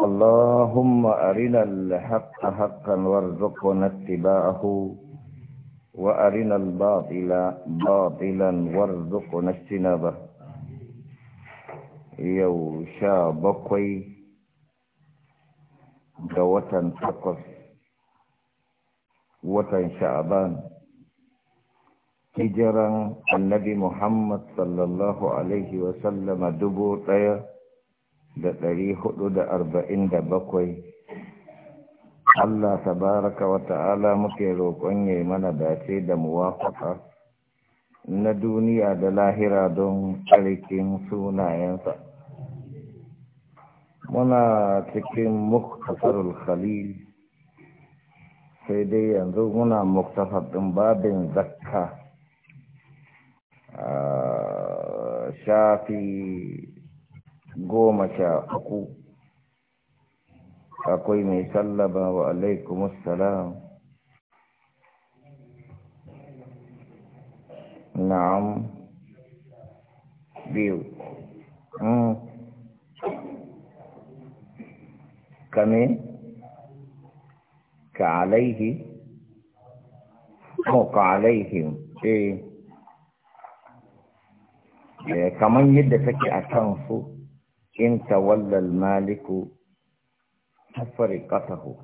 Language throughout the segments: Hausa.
اللهم أرنا الحق حقا وارزقنا اتباعه وأرنا الباطل باطلا وارزقنا اجتنابه يوشا بقي دوة وطن شعبان sha'aban النبي محمد صلى الله عليه وسلم dubu ɗaya da ɗari hudu da arba'in da bakwai Allah tabaraka wa ta'ala muke roƙon ya yi mana dace da muwafaka na duniya da lahira don tsarkin sunayensa. Muna cikin muktasarul khalil sai dai yanzu muna muktasar ɗin babin zakka A ah, shafi goma sha uku akwai mai sallaba wa assalam na'am biyu hmm. kame ka alaihi ko oh, ka alaihi. Eh. eh kaman yadda take a kan su in tawallal maliku tafari ƙasahu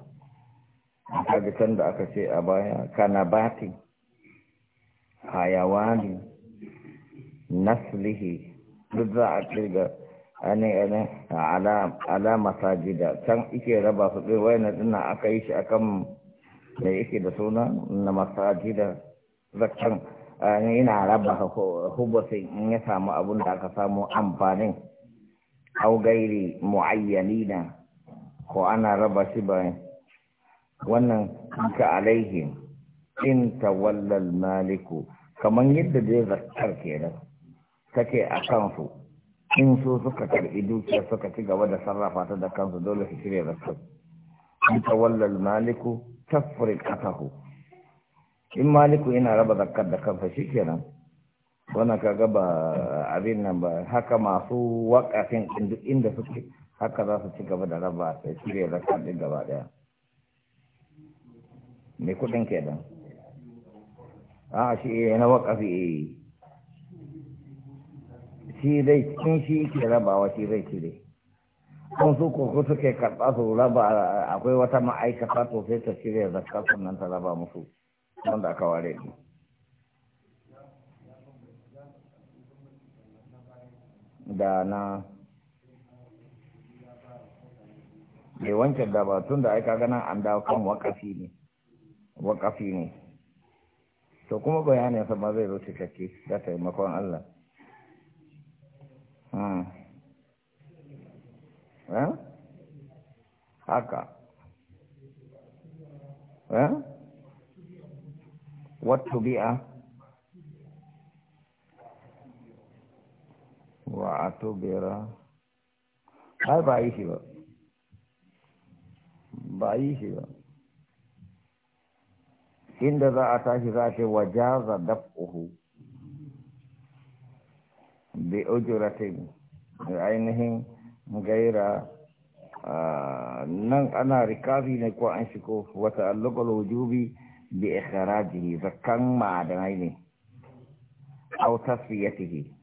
da aka ce a baya kana bati hayawani naslihi duk za a kirga ainihin alama sajida can ike raba su ɗin na dina aka yi shi akan da yake da suna na masajida zakan ina raba hubasin in ya samu abun da aka samu amfanin au gairi mu'ayyanina ko ana raba shi ba wannan ka alaihi in tawallal maliku kaman yadda dai zakar kenan take a kansu in so suka karbi dukiya suka ci gaba da sarrafa ta da kansu dole su shirya zakkar in tawallal maliku tafriqatahu in maliku yana raba zakkar da kansa kenan. wannan kaga ba abin nan ba haka masu wakafin inda suke haka za su ci gaba da raba sai shirya raka ɗin gaba ɗaya mai kuɗin kenan a shi eh, na wakafi eh. shi zai cikin shi ke rabawa shi zai cire kun su koko suke karɓa su raba akwai wata ma'aikata to sai ta shirya zakka sannan ta raba musu wanda aka ware ne da na mai wancan da ba tun da aika ganin an dawo kan wakafi ne wakafi ne to kuma bayanin sa ma zai zo cikakke da taimakon Allah hmm. eh? haka eh? wata bi'a wa atubira har ba yi shi ba ba yi shi ba inda za a tashi za a ce wajaza daf'uhu bi ujratin ainihin gaira nan ana rikazi ne ko an shigo wata allukul wujubi bi ikhrajihi zakkan ma'adanai ne aw tasfiyatihi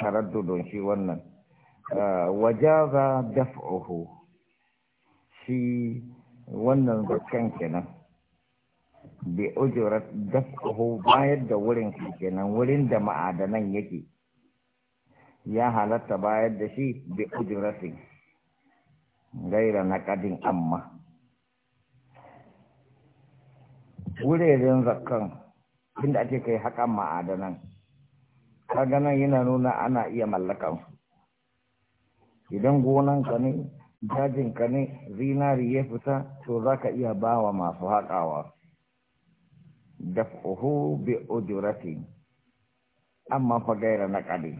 taraddudun shi wannan ah, wajaza daf'uhu shi wannan zakan kenan bi ujurat daf'uhu bayar da wurin kenan wurin da ma'adanan yake ya halatta bayar da shi bi ujuratin gaira na kadin amma wuraren zakan inda ake kai hakan ma'adanan kaga nan yana nuna ana iya mallakan su idan gonanka ne dajinka ne zinari ya fita to za ka iya bawa masu haƙawa fuhu bi ujurati amma fa gaira na ƙari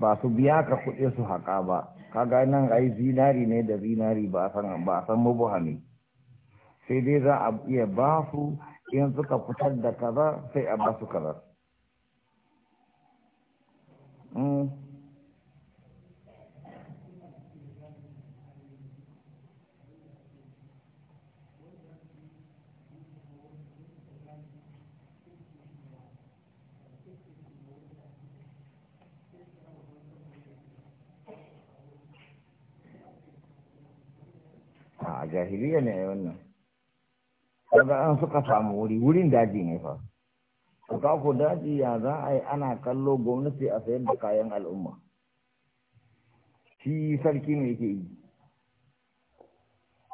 ba su biya ka kuɗi su haƙa ba kaga nan ai zinari ne da zinari ba san ba san mubuha ne sai dai za a iya ba su in suka fitar da kaza sai a ba su kaza Mm. a jahiliya ne wannan kaga an suka samu wuri wurin daji ne fa ka ku daji ya za a yi ana kallo gwamnati a sayar da kayan al'umma shi sarki ne yake yi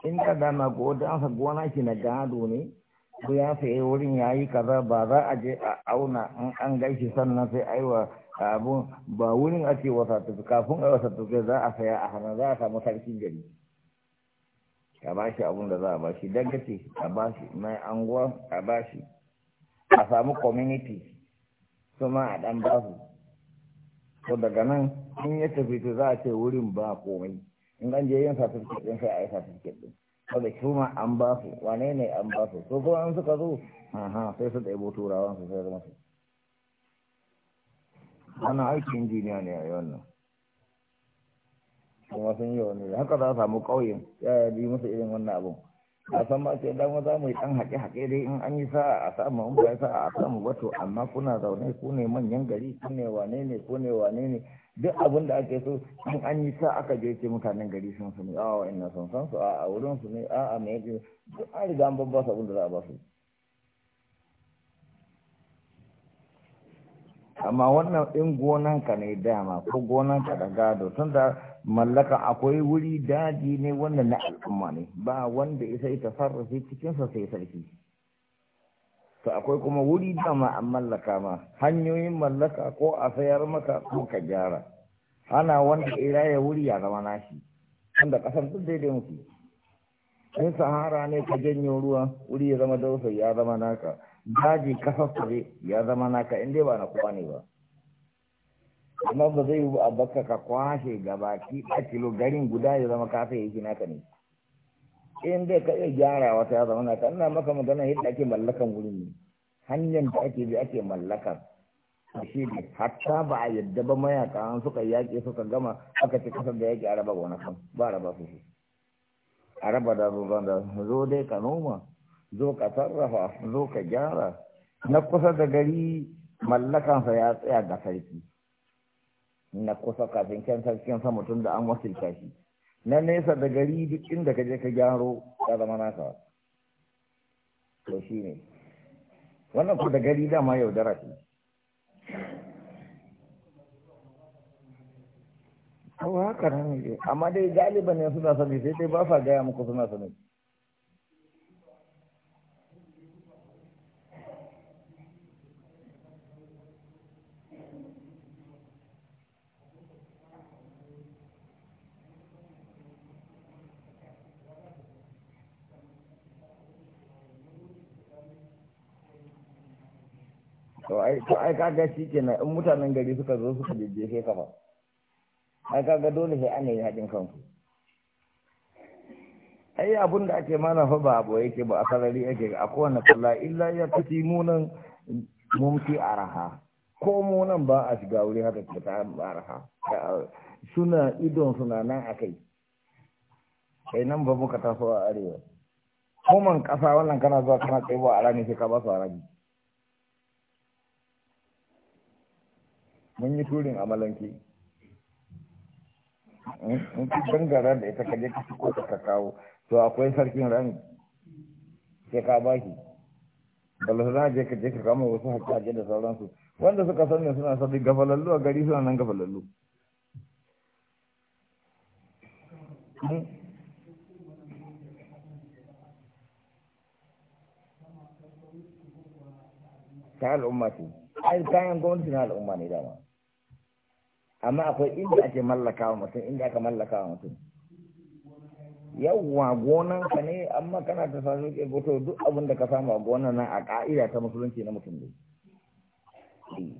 in ka dama ko da gona shi na gado ne ko ya sayi wurin ya yi kaza ba za a je a auna in an gaishe sannan sai aiwa abun ba wurin a ce wasa tafi kafin a wasa tafi za a saya a hana za a samu sarkin gari a bashi abun da za a bashi, dangace a bashi mai anguwa a bashi. a samu community ma a ɗan ba su to daga nan in ya tafi to za a ce wurin ba komai in an je yin certificate ɗin sai a yi certificate ɗin saboda su ma an ba su wane ne an ba su so kuma an suka zo aha sai su ɗaibo turawan su sai zama su ana aikin injiniya ne a yawan nan kuma sun yi wani haka za a samu ƙauyen ya yi musu irin wannan abun a san ma ce dama za mu yi ɗan haƙe-haƙe dai in an yi sa a samu in bai sa'a a samu wato amma kuna zaune ku ne manyan gari ku ne wane ne ku ne wane ne duk abin da ake so in an yi sa aka je ce mutanen gari sun su ne a'a ina sun san su a'a wurin su ne a'a me yake duk an riga an babba abin da za a ba su amma wannan in gonanka ne dama ko gonanka da gado tunda. mallaka akwai wuri daji ne wannan na al'umma ne ba wanda isa ita cikin cikinsa sai sarki to akwai kuma wuri da an mallaka ma hanyoyin mallaka ko a sayar maka ko ka gyara ana wanda ya wuri ya zama nashi wanda kasan duk daidai muke in sahara ne ka janyo ruwa wuri ya zama dausa ya zama naka daji kasar ya zama naka inda dai ba na kowa ba amma ba zai yi a baka ka kwashe gabaki a kilo garin guda ya zama kafa yake naka ne in dai ka iya gyara wata ya zama naka ina maka magana yadda ake mallakan wurin ne hanyar da ake bi ake mallakar shi ne hatta ba a yadda ba mayaka an suka yaƙi suka gama aka ci kasar da yaƙi a raba gonakan ba raba su shi a raba da zuban da zo dai ka noma zo ka sarrafa zo ka gyara na kusa da gari mallakansa ya tsaya ga sarki na kusa kafin kyan sarkin sa mutum da an wakilta shi na nesa da gari duk inda ka je ka gyaro ta zama naka to shi ne wannan ku da gari dama yaudara ce haka nan ne amma dai galiban ne suna sani sai dai ba sa gaya muku suna sani ai to ai kaga shi kenan in mutanen gari suka zo suka jejjefe ka ba ai kaga dole sai an yi haɗin kanku ai abun da ake mana fa ba abu yake ba a sarari yake a kowane kalla illa ya kaci munan mumti araha ko munan ba a shiga wuri haka ke ta araha suna idon suna nan a kai kai nan ba muka taso a arewa ko man kasa wannan kana zuwa kana tsaye a rami sai ka ba su a rami mun yi turin malanke in ki gangara da ita kaje ka ko ka kawo to akwai sarkin rami sai ka baki da lura je ka je ka kama wasu hakkaje da sauransu wanda suka sani suna sabi gafalallu a gari suna nan gafalallu hmm? ta al'umma ce ai kayan gwamnati na al'umma ne dama amma akwai inda ake mallaka wa mutum inda aka mallaka wa mutum yawwa gonan ka ne amma kana ta sami ke goto duk abin da ka samu a gonan nan a ka'ida ta musulunci na mutum ne eh.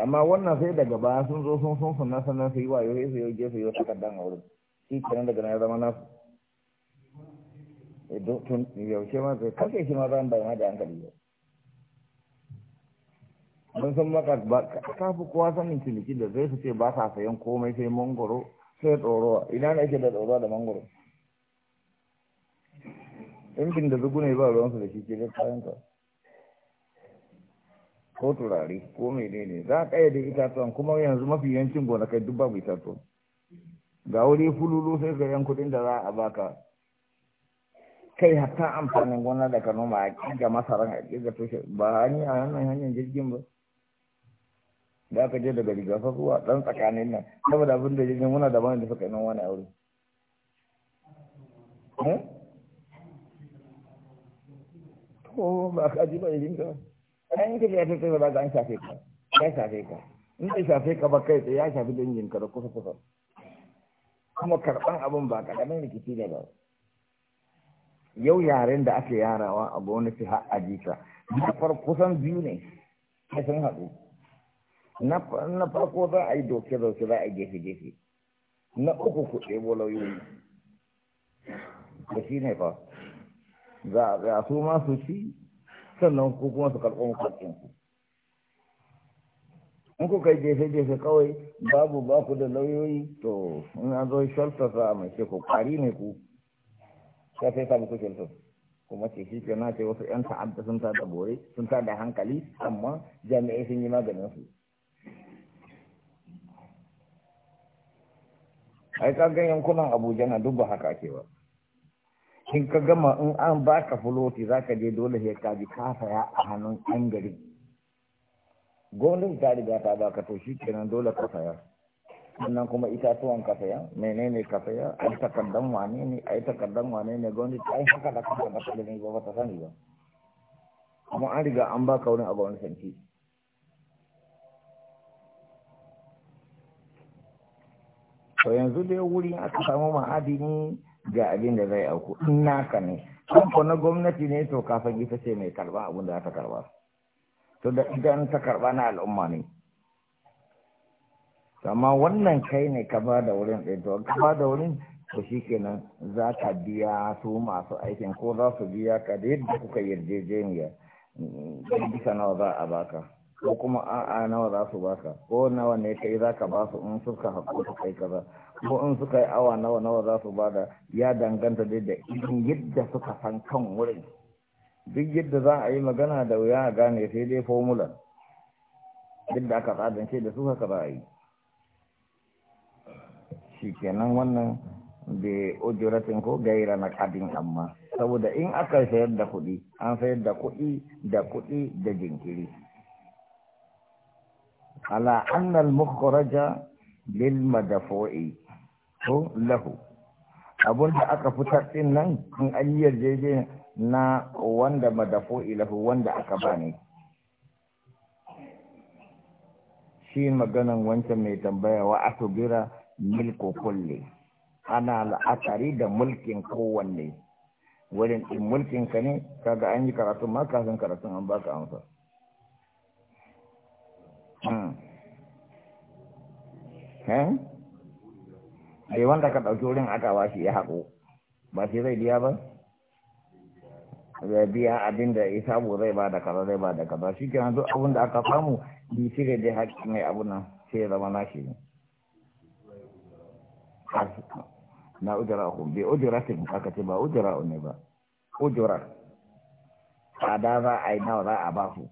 amma wannan sai daga baya sun zo sun sun sunna sannan su yi wayo sai su yi gefe yau takardar a wurin shi kenan daga na zama nasu eh, yaushe ma zai kashe shi ma zan bai ma da hankali yau don san maka ba ka fi kowa sanin ciniki da zai su ce ba sa sayan komai sai mangoro sai tsoro ina ne ake da tsoro da mangoro ɗinkin da zugu ne ba ruwansu da shi ke zai kayan ka ko turare ko ne za a da itatuwan kuma yanzu mafi yancin gonakai duk babu itatuwan ga wuri fululu sai ga yan kuɗin da za a baka kai hatta amfanin gona da ka noma a ga masaran a ga tushe ba hanyar a wannan hanyar jirgin ba da aka je daga rigasa zuwa dan tsakanin nan saboda abin da jirgin muna da da suka yi nan wani aure ko ba ka ji ba irin ka an ka ya tafi ba ga an shafe ka ya shafe ka in ka shafe ka ba kai ya shafi dangin ka da kusa kusa kuma karɓan abin ba ƙaramin rikici ne ba yau yaren da ake yarawa a gwamnati har a jika na kusan biyu ne sai sun haɗu na farko za a yi doke-doke za a yi gefe-gefe na uku ku ɗebo lauyoyi da shi ne fa za a tsaya su ma su ci sannan ku kuma su karɓo mukaɗin ku in ku kai gefe-gefe kawai babu ba ku da lauyoyi to in an zo shelter sa mai ce ku ƙari ne ku ya sai samu ku shelter kuma ce shi ke na ce wasu 'yan ta'adda sun ta da bore sun ta da hankali amma jami'ai sun yi maganin su ai kaga yankunan abuja na duk ba haka ake ba in ka gama in an baka fuloti zaka je dole sai ka ji ka saya a hannun an gari gwamnati ta riga ta baka to shi kenan dole ka saya sannan kuma itatuwan ka saya menene ka saya ai takardan wane ne ai takardan wane ne gwamnati ai haka da kanka ba ta ne ba ta sani ba kuma an riga an baka wani abu wani santi to yanzu dai wuri aka samu ne ga abin da zai auku in naka ne Kanko na gwamnati ne to kafin ita ce mai karba abin da ta karba to da idan ta karba na al'umma ne amma wannan kai ne ka ba da wurin ɗin to ka ba da wurin to shi kenan za ka biya su masu aikin ko za su biya ka da yadda kuka yarjejeniya bisa nawa za a baka ko kuma a'a nawa za su baka ko nawa ne kai za ka ba su in suka haƙo su kai kaza ko in suka yi awa nawa nawa za su bada ya danganta dai da irin yadda suka san kan wurin duk yadda za a yi magana da wuya a gane sai dai fomula duk da aka tsadance da su haka za a yi shi kenan wannan da ujuratin ko gaira na kadin amma saboda in aka sayar da kuɗi an sayar da kuɗi da kuɗi da jinkiri على أن المخرج للمدفوع له abun da aka fitar din nan in an yarjeje na wanda madafo ilahu wanda aka ba shi maganan wancan mai tambaya wa atubira milko kulle ana la'akari da mulkin kowanne wurin in mulkin ka ne kaga an yi karatu ma kafin karatun an baka amsa Hmm. eh wanda ka ɗauki wurin aka washe ya haƙo ba shi zai biya ba zai biya abin da ya samu zai ba da kaza zai ba da kaza shi kenan duk abin da aka samu bi shi da dai haƙi mai abu nan sai zama nashi ne na ujura ku bi ujura tin aka ce ba ujura ne ba ujura tsada za a yi nawa za a ba su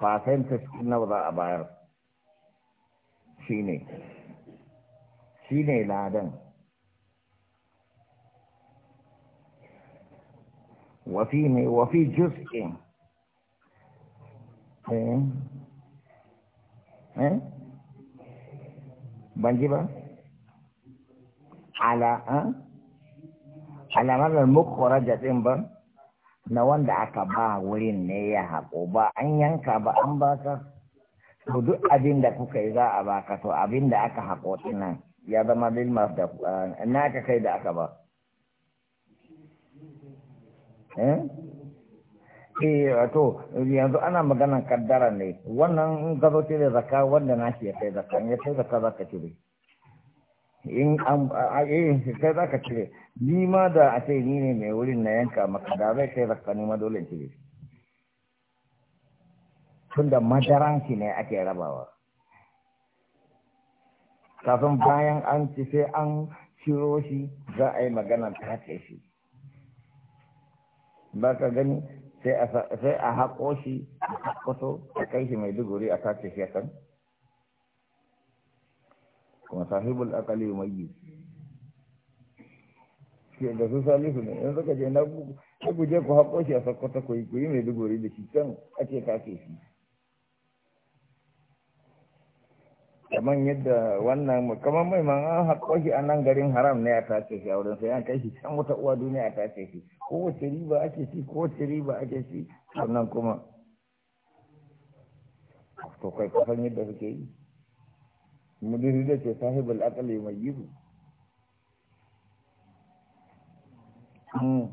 fasentis nawa za a bayar shi ne shi ne ladan wafi ne, eh? wafi eh ban ji ba ala eh? alamar mukwara jatsin ba na wanda aka ba wurin ne ya haƙo ba an yanka ba an ba ka to duk abin da kuka yi za a baka to abin da aka haƙo nan ya zama lilma da eh, na ka kai da aka ba eh? eh to, yanzu ana maganan kaddara ne wannan in ka zo da zakka wanda na shi ya kai zakka ya kai zakka za ka cire in an eh kai za ka cire ni ma da a ce ni ne mai wurin na yanka maka da zai kai zakka ni ma dole cire tunda madaran shi ne ake rabawa kafin bayan an ci sai an ciro shi za a yi magana ta shi ba ka gani sai a haƙo shi a haƙoto a kai shi mai duguri a tace shi kan kuma sahibul akali mai ke da su salisu ne in suka je na guje ku haƙo shi a sakkwata ku yi mai duguri da shi can ake kake shi kamar yadda wannan kamar mai man an haƙo shi a nan garin haram ne a tace shi a wurin sai an kai shi can wata uwa duniya a tace shi wace riba ake ko wace riba ake shi sannan kuma to kai kusan yadda suke yi mudiri da ce sahibul aqli mai yibu hmm.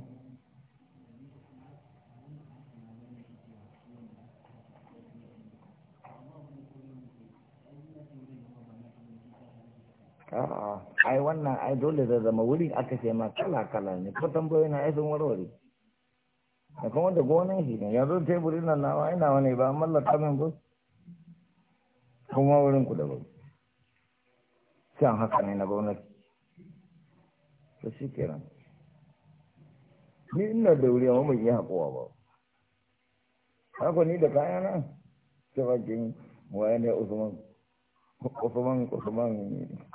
ai wannan ai dole zai zama wuri aka ce ma kala kala ne ko tambayoyi na aikin warware da kuma da gonan shi ne yanzu teburin nan nawa ina wani ba mallaka min ba kuma wurin ku da ba can haka ne na gwamnati to shi kenan ni ina da wuri amma ban yi haƙuwa ba haka ni da kayana sai bakin waye ne usman usman usman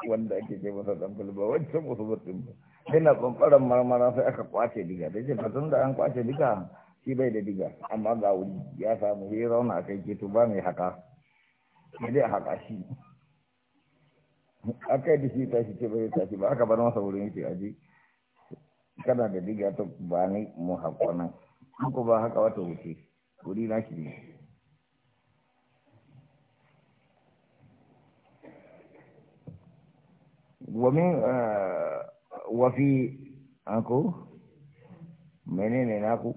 wanda ake ce masa dan bulba wancan usman din ba ina kwamfaran marmara sai aka kwace diga da ce fatan da an kwace diga shi bai da diga amma ga wuri ya samu yi rauna a kai to ba mai haka sai dai haka shi akai yi da shi tashi ce bai tashi ba aka bar masa wurin yake aji kana da diga to ba ni mu hakona ko ba haka wata wuce wuri na shi ne ومن وفي أكو منين أكو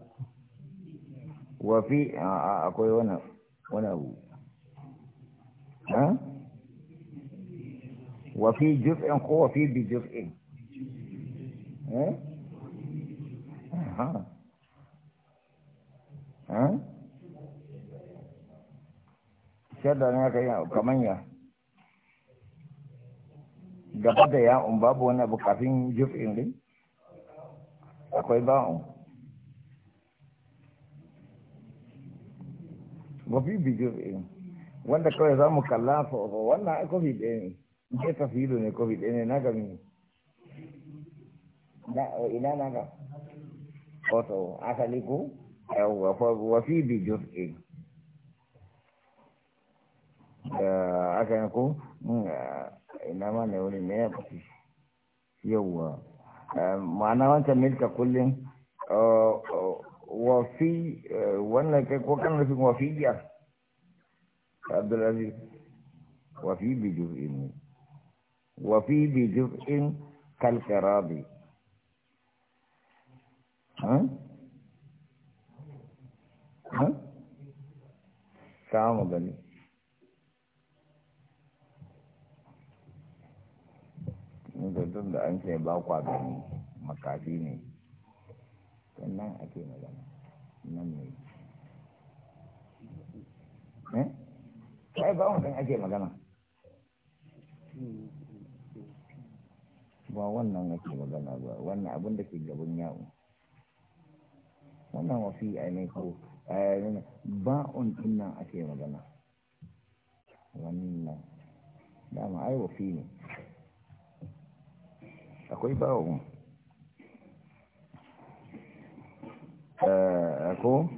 وفي أكو وانا وانا ها وفي جزء أو وفي بجزء ها ها ها شدنا كمان يا gaba da ya'un babu wani abu kafin juf'in rai akwai ba ba fi bi juf'in wanda kawai za mu kalla fa wannan a kofi ɗaya ne ke tafilo ne kofi ɗaya ne na gami ina na ga wato asali ko yawwa fa wa fi bi juf'in da aka yi ko ina ma ne wuri ne ya fi yauwa ma'ana wancan milka kullum wafi wannan kai ko kan nufin wafiya abdulaziz wafi bi juz'in wafi bi juz'in kalkarabi ha? ha? samu gani tun da an sai ba kwa gani makafi ne sannan ake magana nan ne eh kai ba wannan ake magana ba wannan ake magana ba wannan abin da ke gaban yawo wannan wafi a ne ko eh, ba din nan ake magana wannan dama ai wafi ne akwai bawon eh, ko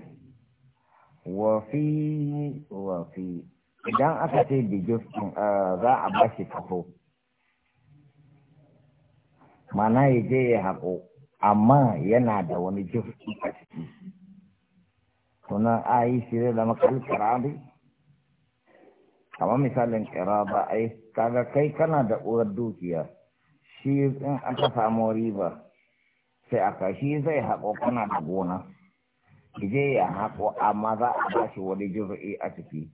wafi wafi idan aka ce bijus eh, za a bashi kafo mana ya je ya haƙo amma yana da wani jirgi a ciki suna a yi shi zai zama ƙirari, kamar misalin ƙira ba yi kaga kai kana da uwar dukiya shi in aka samu riba sai a kashi zai haƙo kana da gona je ya haƙo amma za a ba shi wani juzu'i a ciki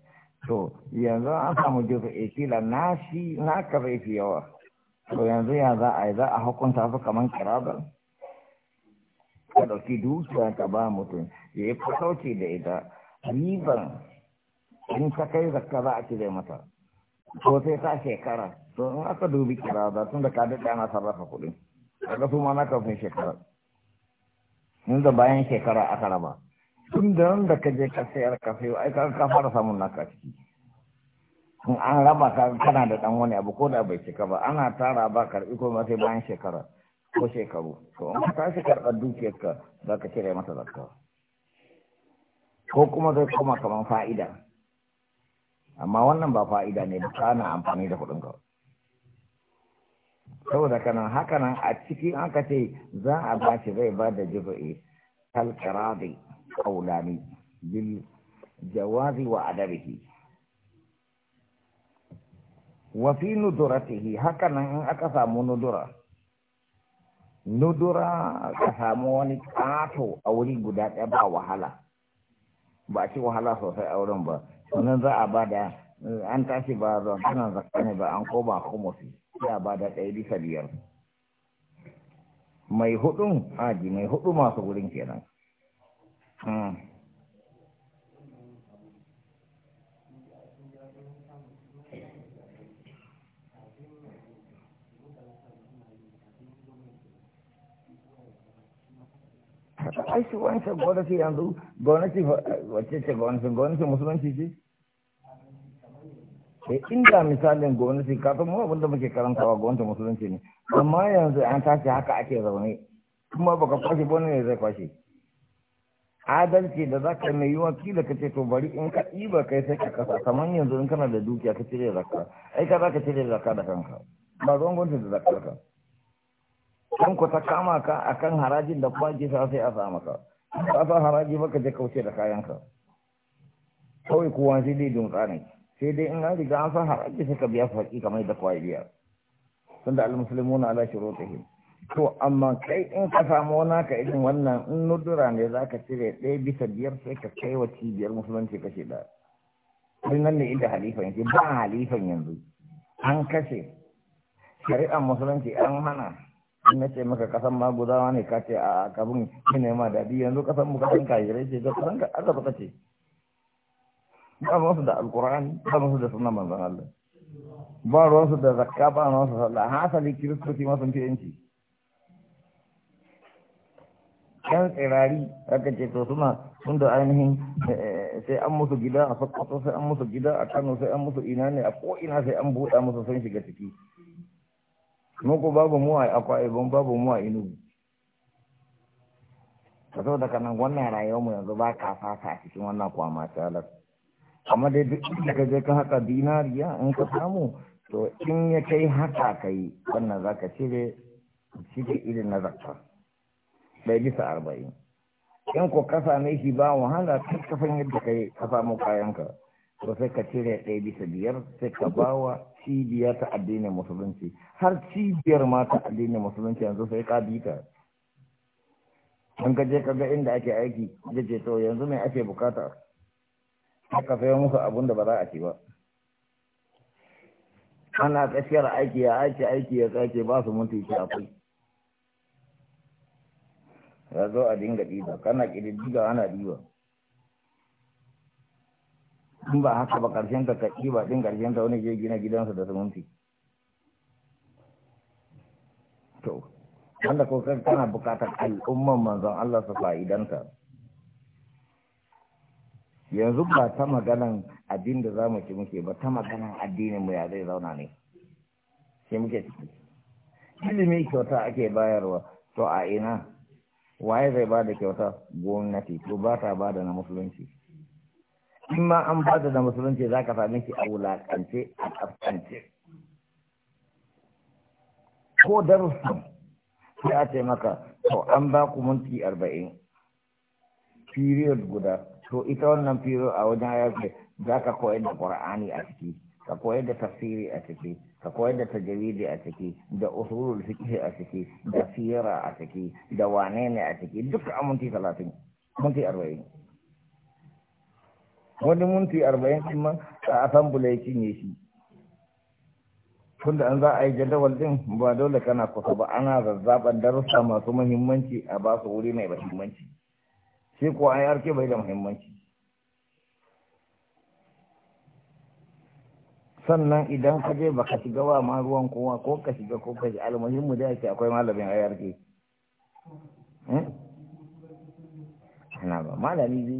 to yanzu an samu juzu'i kila na shi na ka zai fi yawa to yanzu ya za a yi za a hukunta su kamar kirabar ka ɗauki dukiya ka ba mutum ya yi fasauci da ita riban in ka kai zakka za a cire mata ko sai ta shekara to in aka dubi kira da tun da ka daɗa ana sarrafa kuɗi daga su ma na kafin shekara in da bayan shekara aka raba tun da nan da ka je ka sayar ka sayo ai ka ka fara samun naka ciki in an raba ka kana da dan wani abu ko da bai cika ba ana tara ba karbi ko ma sai bayan shekara ko shekaru to in ka tashi karɓar dukiyarka za ka cire mata zakka ko kuma zai koma kaman fa'ida amma wannan ba fa'ida ne ba kana amfani da kuɗin saboda kana haka nan a cikin aka ce za a ba shi zai ba da jifa'i kalkaradi kaulani bil jawazi wa adabihi wa fi nuduratihi haka in aka samu nudura nudura ka samu wani kato a wuri guda ɗaya ba wahala ba ci wahala sosai a wurin ba sannan za a ba da an tashi ba zan kanan zakka ne ba an ko ba kuma ya ba da ɗaya bisa biyar mai hudun aji mai hudu masu wurin kenan hmm. ai shi wancan gwamnati yanzu gwamnati wacce ce gwamnati gwamnati musulunci ce sai eh, inda misalin gwamnati ka san mu abinda muke karantawa gwamnati musulunci ne amma yanzu an tashi haka ake zaune kuma baka kwashe ba ne zai kwashe adalci da zaka mai yiwa kila kace to bari in ka ɗiba kai sai ka kasa kamar yanzu in kana da dukiya ka cire zakka ai ka zaka cire zakka da kanka ba zan gwamnati da zakkar ka kan ku ta kama ka akan harajin da kuma ke sa sai a sa maka ka sa haraji baka je kauce da kayan ka kawai kuwa zai dai dun tsarin sai dai in an riga an san haraji sai ka biya su kamar da kawai biya tun da almusulmuna ala shurutihim to amma kai in ka samu wani ka irin wannan in nudura ne za ka cire ɗaya bisa biyar sai ka kai wa cibiyar musulunci kashe da. wani nan ne inda halifan yanzu ba halifan yanzu an kashe shari'ar musulunci an hana in na ce maka kasan maguzawa ne ka ce a kabin shi ne ma daɗi yanzu kasan mu kasan kajirai ce ga kasan ka aka ce ba ruwansu da alkur'ani ba ruwansu da sunan manzon Allah ba ruwansu da zakka ba ruwansu sallah hasali kiristoci ma sun fi yanci Kan tsirari aka ce to suna sun da ainihin eh, eh, sai an musu gida a sokoto sai an musu gida a kano sai an musu ina ne a ko'ina sai an buɗa musu sun shiga ciki muku babu mu a akwa ibon babu mu a inugu ka saboda kanan wannan rayuwar mu yanzu ba ka fasa a cikin wannan kwamata amma dai duk inda ka je ka haka dinariya in ka samu to in ya kai haka ka yi wannan za ka cire cire irin na zakka bai bisa arba'in in ko ka same shi ba wahala kai kafan yadda ka yi ka samu kayanka to sai ka cire ɗaya bisa biyar sai ka bawa cibiya ta addinin musulunci har cibiyar ma ta addinin musulunci yanzu sai ka bi ta in ka je ka ga inda ake aiki da ce to yanzu mai ake bukata haka sai musu abun da ba za a ci ba ana tsakiyar aiki ya aiki aiki ya tsake ba su mutu shi akwai ya zo a dinga ɗiba kana kididdiga ana ɗiba in ba haka ba ƙarshen ka kaki ba ɗin ƙarshen ka wani je gina gidansa da sumunti to wanda ko kana buƙatar al'umman manzon Allah su fa'idanta yanzu ba ta maganan addinin da za mu ci muke ba ta maganan addinin mu ya zai zauna ne sai muke ciki ilimi kyauta ake bayarwa to a ina waye zai ba da kyauta gwamnati to ba ta ba da na musulunci in ma an ba da na musulunci za ka sami ki a wulaƙance a ƙasƙance ko darussan sai a ce maka to an ba ku minti arba'in period guda to ita wannan firo a wajen yafe za ka koyar da ƙur'ani a ciki ka koyar da tafsiri a ciki ka koyar da tajaridi a ciki da usulul fiqh a ciki da sira a ciki da wane ne a ciki duk a munti talatin munti arba'in wani munti arba'in kuma a asambula ya cinye shi tunda an za a yi jadawal din ba dole kana kusa ba ana zazzaɓar darussa masu muhimmanci a ba su wuri mai muhimmanci sai ko an yarke bai da muhimmanci sannan idan ka je baka shiga ba ma ruwan kowa ko ka shiga ko ka shiga mu da yake akwai malamin ayarke eh? ana ba malami ne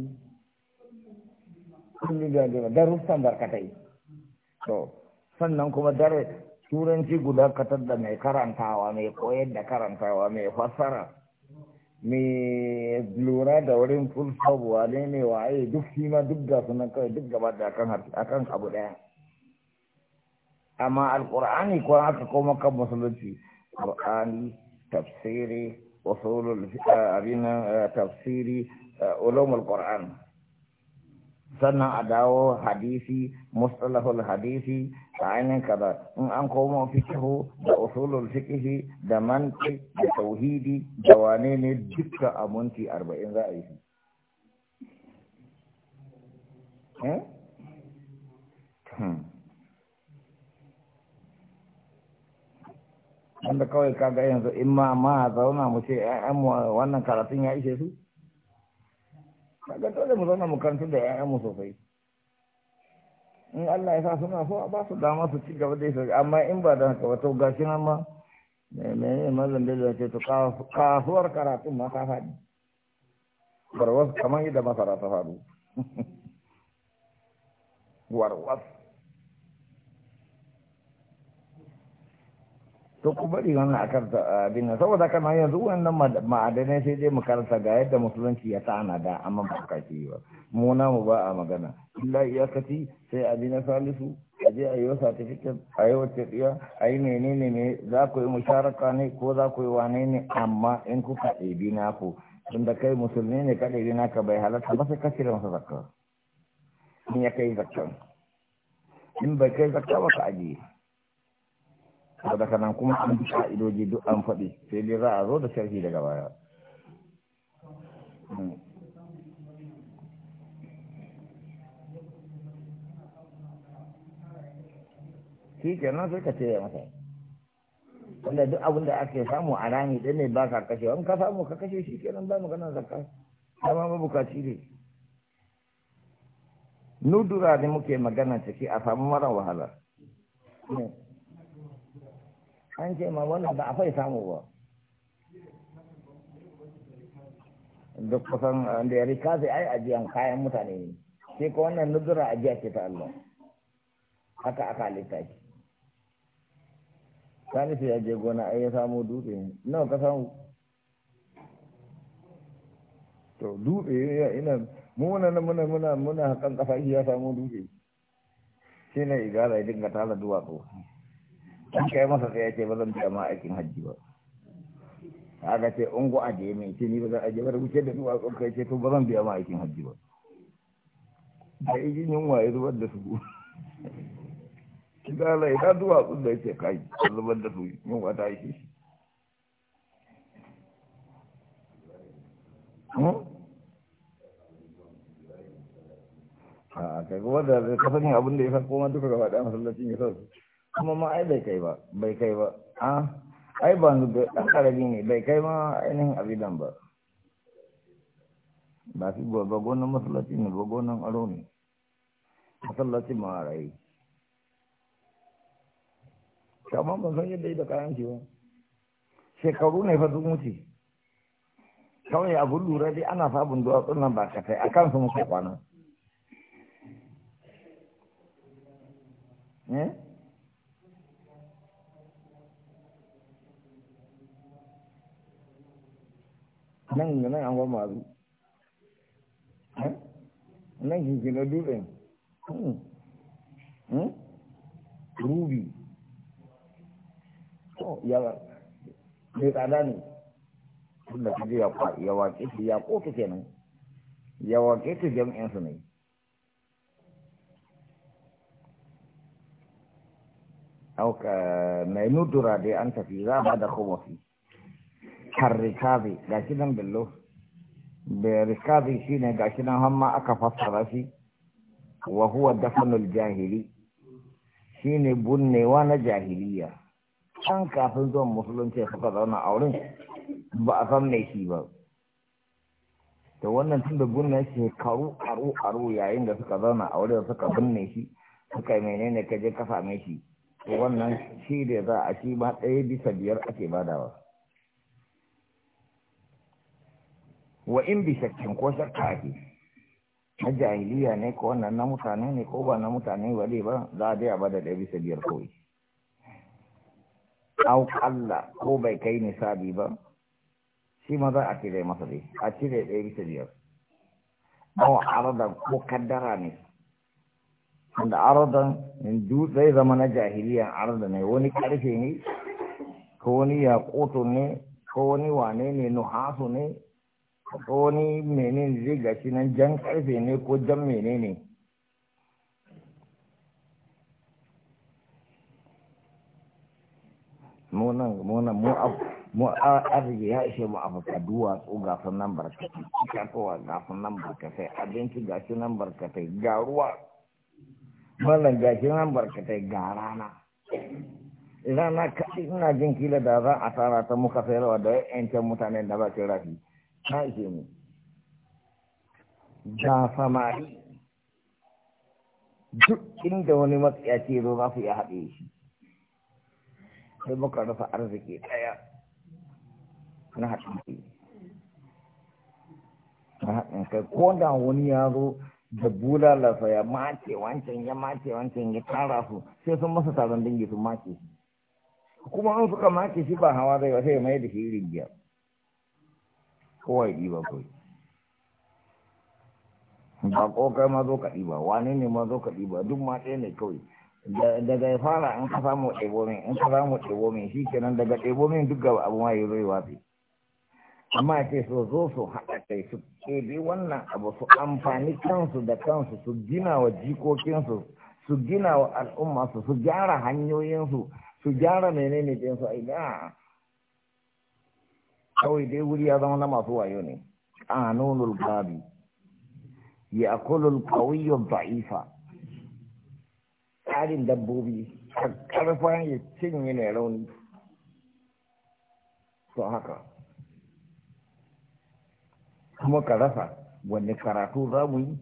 kun ga da darussan barkatai to sannan kuma dare turanci guda katar da mai karantawa mai koyar da karantawa mai fassara mai lura da wurin full stop wane ne waye duk shi ma duk ga sunan kawai duk gaba da akan akan abu daya amma alqur'ani ko aka koma kan musulunci qur'ani tafsiri usulul abin tafsiri ulumul qur'an sannan a dawo hadisi mustalahul hadisi a ainihin kaza in an komo fikihu da usulul fikihi da manti da tauhidi da wane ne duka a munti arba'in za a yi eh? hmm. wanda kawai kaga yanzu in ma ma zauna mu ce 'ya'yan wannan karatun ya ishe su kaga dole mu zauna mu kantu da ƴaƴan mu sosai in Allah ya sa suna so a ba su dama su ci gaba da isa amma in ba da haka wato to gashi nan ma menene mallam da ce to kasuwar karatu ma ta faɗi wasu kamar yadda masara ta faru warwas to ku bari wannan a karta abin nan saboda kana yanzu wannan ma'adanai sai dai mu karanta ga yadda musulunci ya tana da amma ba ka ke ba mu na mu ba a magana illa iyakati sai abin na salisu a je a yi wa certificate a yi wa tafiya a yi menene ne za ku yi musharaka ne ko za ku yi wane ne amma in kuka ɗebi naku tunda kai musulmi ne ka ɗebi ka bai halatta ba sai ka cire masa zakka in ya kai zakka in bai kai zakka ba ka ajiye daga nan kuma an bi ka'idoji duk an faɗi sai dai za a zo da sharhi daga baya shi kenan sai ka ce mata wanda duk abin da ake samu a rani ɗin ne ba ka kashe wani ka samu ka kashe shi kenan ba maganar zaka dama mabukaci ne nudura ne muke magana ciki a samu mara wahala an ce ma wannan ba a fai samu ba duk kusan uh, da ya rika sai ai ajiyan kayan mutane ne sai ko wannan nuzura ajiya ce ta Allah haka aka halitta shi Salisu ya je gona ai ya samu dutse nawa ka samu to dutse ya ina mu muna muna muna muna hakan kafa ya samu dutse shi ne igala ya dinga tala duwatsu an kai masa sai ya ce ba zan biya ma aikin hajji ba haka ce ungu a je mai ce ni ba zan aje ba da wuce da duwa tsokai ce to ba zan biya ma aikin hajji ba da ijin yin waye zubar da su kida lai ta duwa tsun da yake kai zubar da su yunwa ta yi shi hmm? a kai kuma da kasanin abin da ya san ma duka gaba daya masallacin ya sa su kuma ma ai bai kai ba bai kai ba a ai ba da karabi ne bai kai ma ainihin abidan ba ba fi ba gonan masallaci ne ba gonan aro ne masallacin ma rai kamar ban san yadda yi da kayan ba shekaru ne fa sun wuce kawai abu lura dai ana sabon duwa tsunan ba kafai a kansu muka kwana eh nan nan an goma zu nan hinkina dutsen hmm. Hmm? rubi to ya mai tsada ne tunda ta je ya waƙe ta ya ƙoto kenan ya waƙe ta jam'insu ne auka mai nutura dai an tafi za ba da kuma fi harrikabi ga shi nan bello da rikabi shi ne ga shi nan hamma aka fassara shi wa huwa dafanul jahili shi ne bunnewa na jahiliya can kafin zuwan musulunci suka zauna a wurin ba a san mai shi ba to wannan tun da bunne shekaru karu karu yayin da suka zauna a wurin suka bunne shi suka menene ka je ka same shi wannan shi da za a shi ma ɗaya bisa biyar ake badawa wa in bi shakkin ko shakka ake na jahiliya ne ko wannan na mutane ne ko ba na mutane ba dai ba za a dai a bada ɗaya bisa biyar kawai au kalla ko bai kai ni sabi ba shi ma za a cire masa dai a cire ɗaya bisa biyar au arada ko kaddara ne wanda aradan zai zama na jahiliya arda ne wani karfe ne ko wani yakoto ne ko wani wane ne nuhasu ne ko ni menene zai gashi nan jan karfe ne ko jan menene munan nan mu nan mu arziki ya ishe mu afirka duwatsu ko gasar nan barkatai cikakowa gasar nan barkatai abinci gashi nan barkatai ga ruwa wannan gashi nan barkatai ga rana rana kaɗai ina jin kila da za a tara ta muka sayarwa da yancan mutanen da ba ce rafi ta ishe mu da samari duk inda wani ce zo za su iya haɗe shi sai muka rufe arziki ɗaya na haɗin kai na haɗin kai ko da wani ya zo da lafa ya mace wancan ya mace wancan ya tara su sai sun masa taron dangi sun mace kuma an suka mace shi ba hawa zai wata ya mai da shi rigiyar kowa ya koi kawai ba kokai ma zo ka ɗiba wane ne ma zo ka ɗiba duk ma ɗaya ne kawai daga ya fara in ka samu ɗebo min in ka samu ɗebo min shi kenan daga ɗebo min duk gaba abu ma yi zo ya amma ya ce so zo su haɗa kai su ɗebi wannan abu su amfani kansu da kansu su gina wa jikokinsu su gina wa al'umma su su gyara hanyoyinsu su gyara menene ɗinsu a kawai dai wuri ya zama na masu wayo ne gabi ya akulul qawiyyu da'ifa tsarin dabbobi karfan ya cinye ne rauni to haka kuma ka rasa wani karatu za mu yi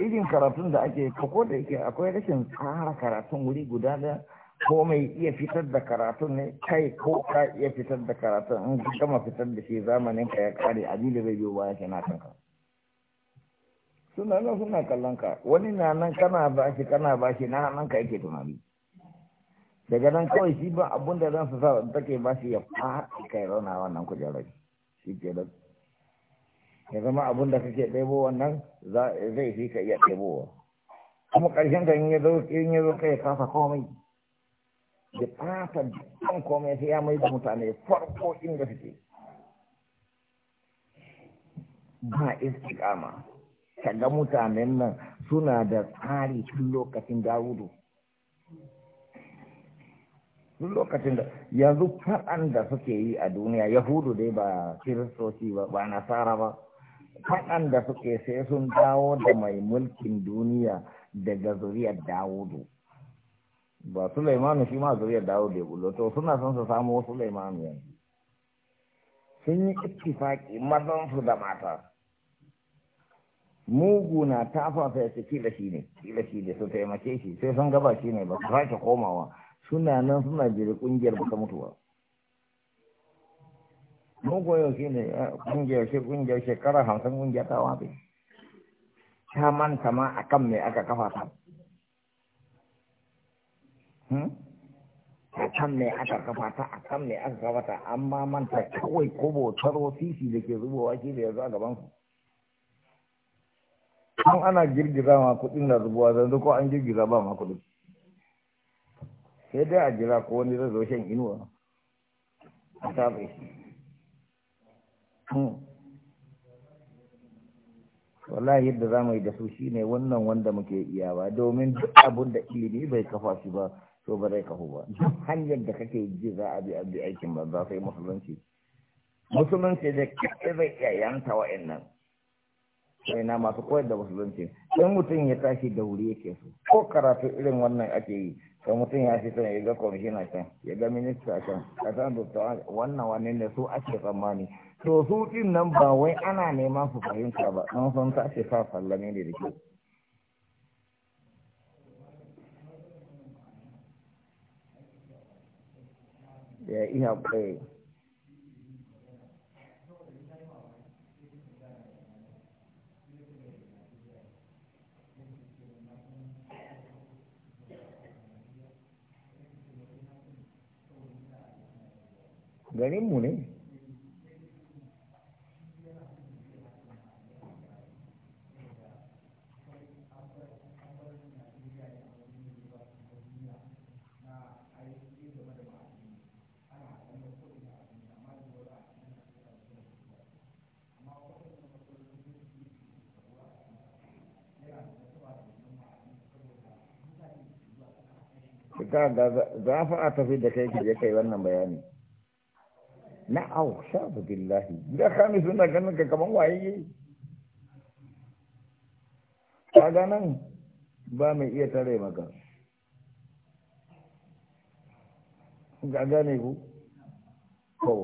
irin karatun da ake kako da yake akwai rashin tsara karatun wuri guda da ko mai iya fitar da karatun ne kai ko ka iya fitar da karatun in ka gama fitar da shi zamanin ka ya kare abin da zai biyo baya kenan kanka suna nan suna kallon ka wani na nan kana bashi kana bashi na nan ka yake tunani daga nan kawai shi ba abun da zan su sa take shi ya faɗi kai rauna wannan kujerar shi ke da ya zama abun da kake ɗebo wannan zai fi ka iya ɗebowa kuma ƙarshen ka in ya zo kai kafa komai ya fata ɗan komai sai ya mai da mutane farko inda suke ba istiqama kaga mutanen nan suna da tsari tun lokacin dawudu tun lokacin da yanzu faɗan da suke yi a duniya yahudu dai ba kiristoci ba ba nasara ba faɗan da suke sai sun dawo da mai mulkin duniya daga zuriyar dawudu ba Sulaimanu shi ma zuriyar dawo da bullo to suna son su samu Sulaimanu yanzu sun yi ittifaki mazan su da mata muguna ta fafa su kila shi ne kila shi ne su taimake shi sai sun gaba shi ne ba su sake komawa suna nan suna jiri kungiyar ba mutuwa mugu yau shi ne kungiyar eh, shi kungiyar shekara hamsin kungiyar ta wafe ta manta ma akan me aka kafa ta Hmm? a can ne aka kafa ta a can ne aka kafa ta amma manta kawai kobo taro sisi da ke zubowa shi da yanzu a gaban su kan ana girgiza ma kuɗin na zubowa zanzu ko an girgiza ba ma kuɗin sai dai a jira ko wani zai zo shan inuwa a sabai hmm. wallahi yadda za mu yi da su shine wannan wanda muke iya ba domin duk abin da ilimi bai kafa shi ba to ba zai kahu ba hanyar da kake ji za a bi abin aikin ba za yi musulunci musulunci da kai zai iya yanta wa'annan sai na masu koyar da musulunci sai mutum ya tashi da wuri yake su ko karatu irin wannan ake yi sai mutum ya fi son ya ga a can ya ga minista can a san dokta wannan wannan ne su ake tsammani to su din nan ba wai ana neman su fahimta ba an san tashi sa sallame ne da kyau ya yi haƙuri garinmu ne kaga za fa a tafi da kai je kai wannan bayani na bu billahi da kami suna ganin ka kaman waye kaga nan ba mai iya tare maka ga gane ku ko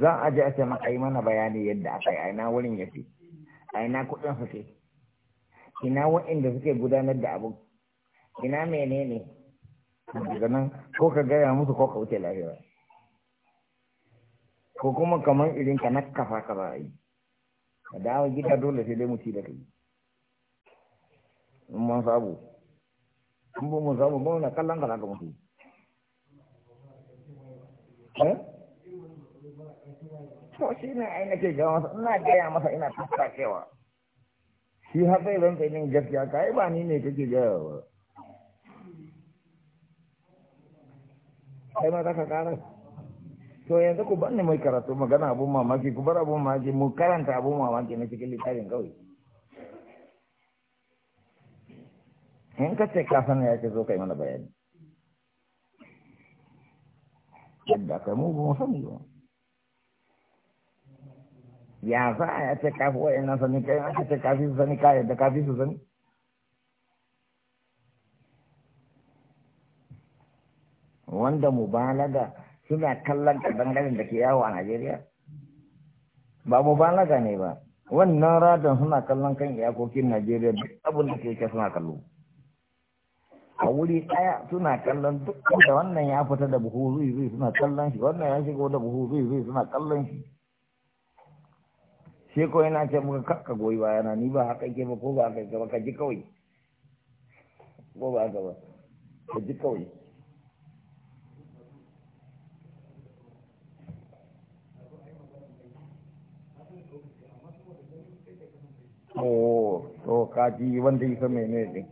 za a ji a ce maka yi mana bayani yadda aka yi aina wurin ya fi aina kudin su ce ina waɗanda suke gudanar da abu ina menene daga nan ko ka gaya musu ko ka wuce lafiya. ko kuma kamar irin ka na kafa ka ba yi ka dawo gida dole sai dai mutu da kai in mun sabu in ba mu sabu ba wani kallon ka za ka mutu eh? to shi ne ai nake ga masa ina gaya masa ina tattakewa shi har zai rantsa yin gaskiya kai ba ni ne kake gaya ba kai ma za ka to yanzu ku banne mai karatu magana abun mamaki ku bar abun mamaki mu karanta abun mamaki na cikin littafin kawai in ka ce ka sanar ya ce zo kai mana bayani yadda kai mu ba mu sani ba ya za a ya ce kafi wa'in na sani kai an ce kafi su sani ka yadda kafi su sani wanda mubalaga suna kallon ka bangaren da ke yawo a Najeriya ba mubalaga ne ba wannan radon suna kallon kan iyakokin Najeriya duk abin da ke suna kallo a wuri ɗaya suna kallon duk da wannan ya fita da buhu zui zui suna kallon shi wannan ya shigo da buhu zui zui suna kallon shi sai ko yana ce muka kakka goyi bayana ni ba haka ke ba ko ba haka ke ba ka ji kawai ko ba haka ba ka ji kawai to to kaji wanda yi san mene ne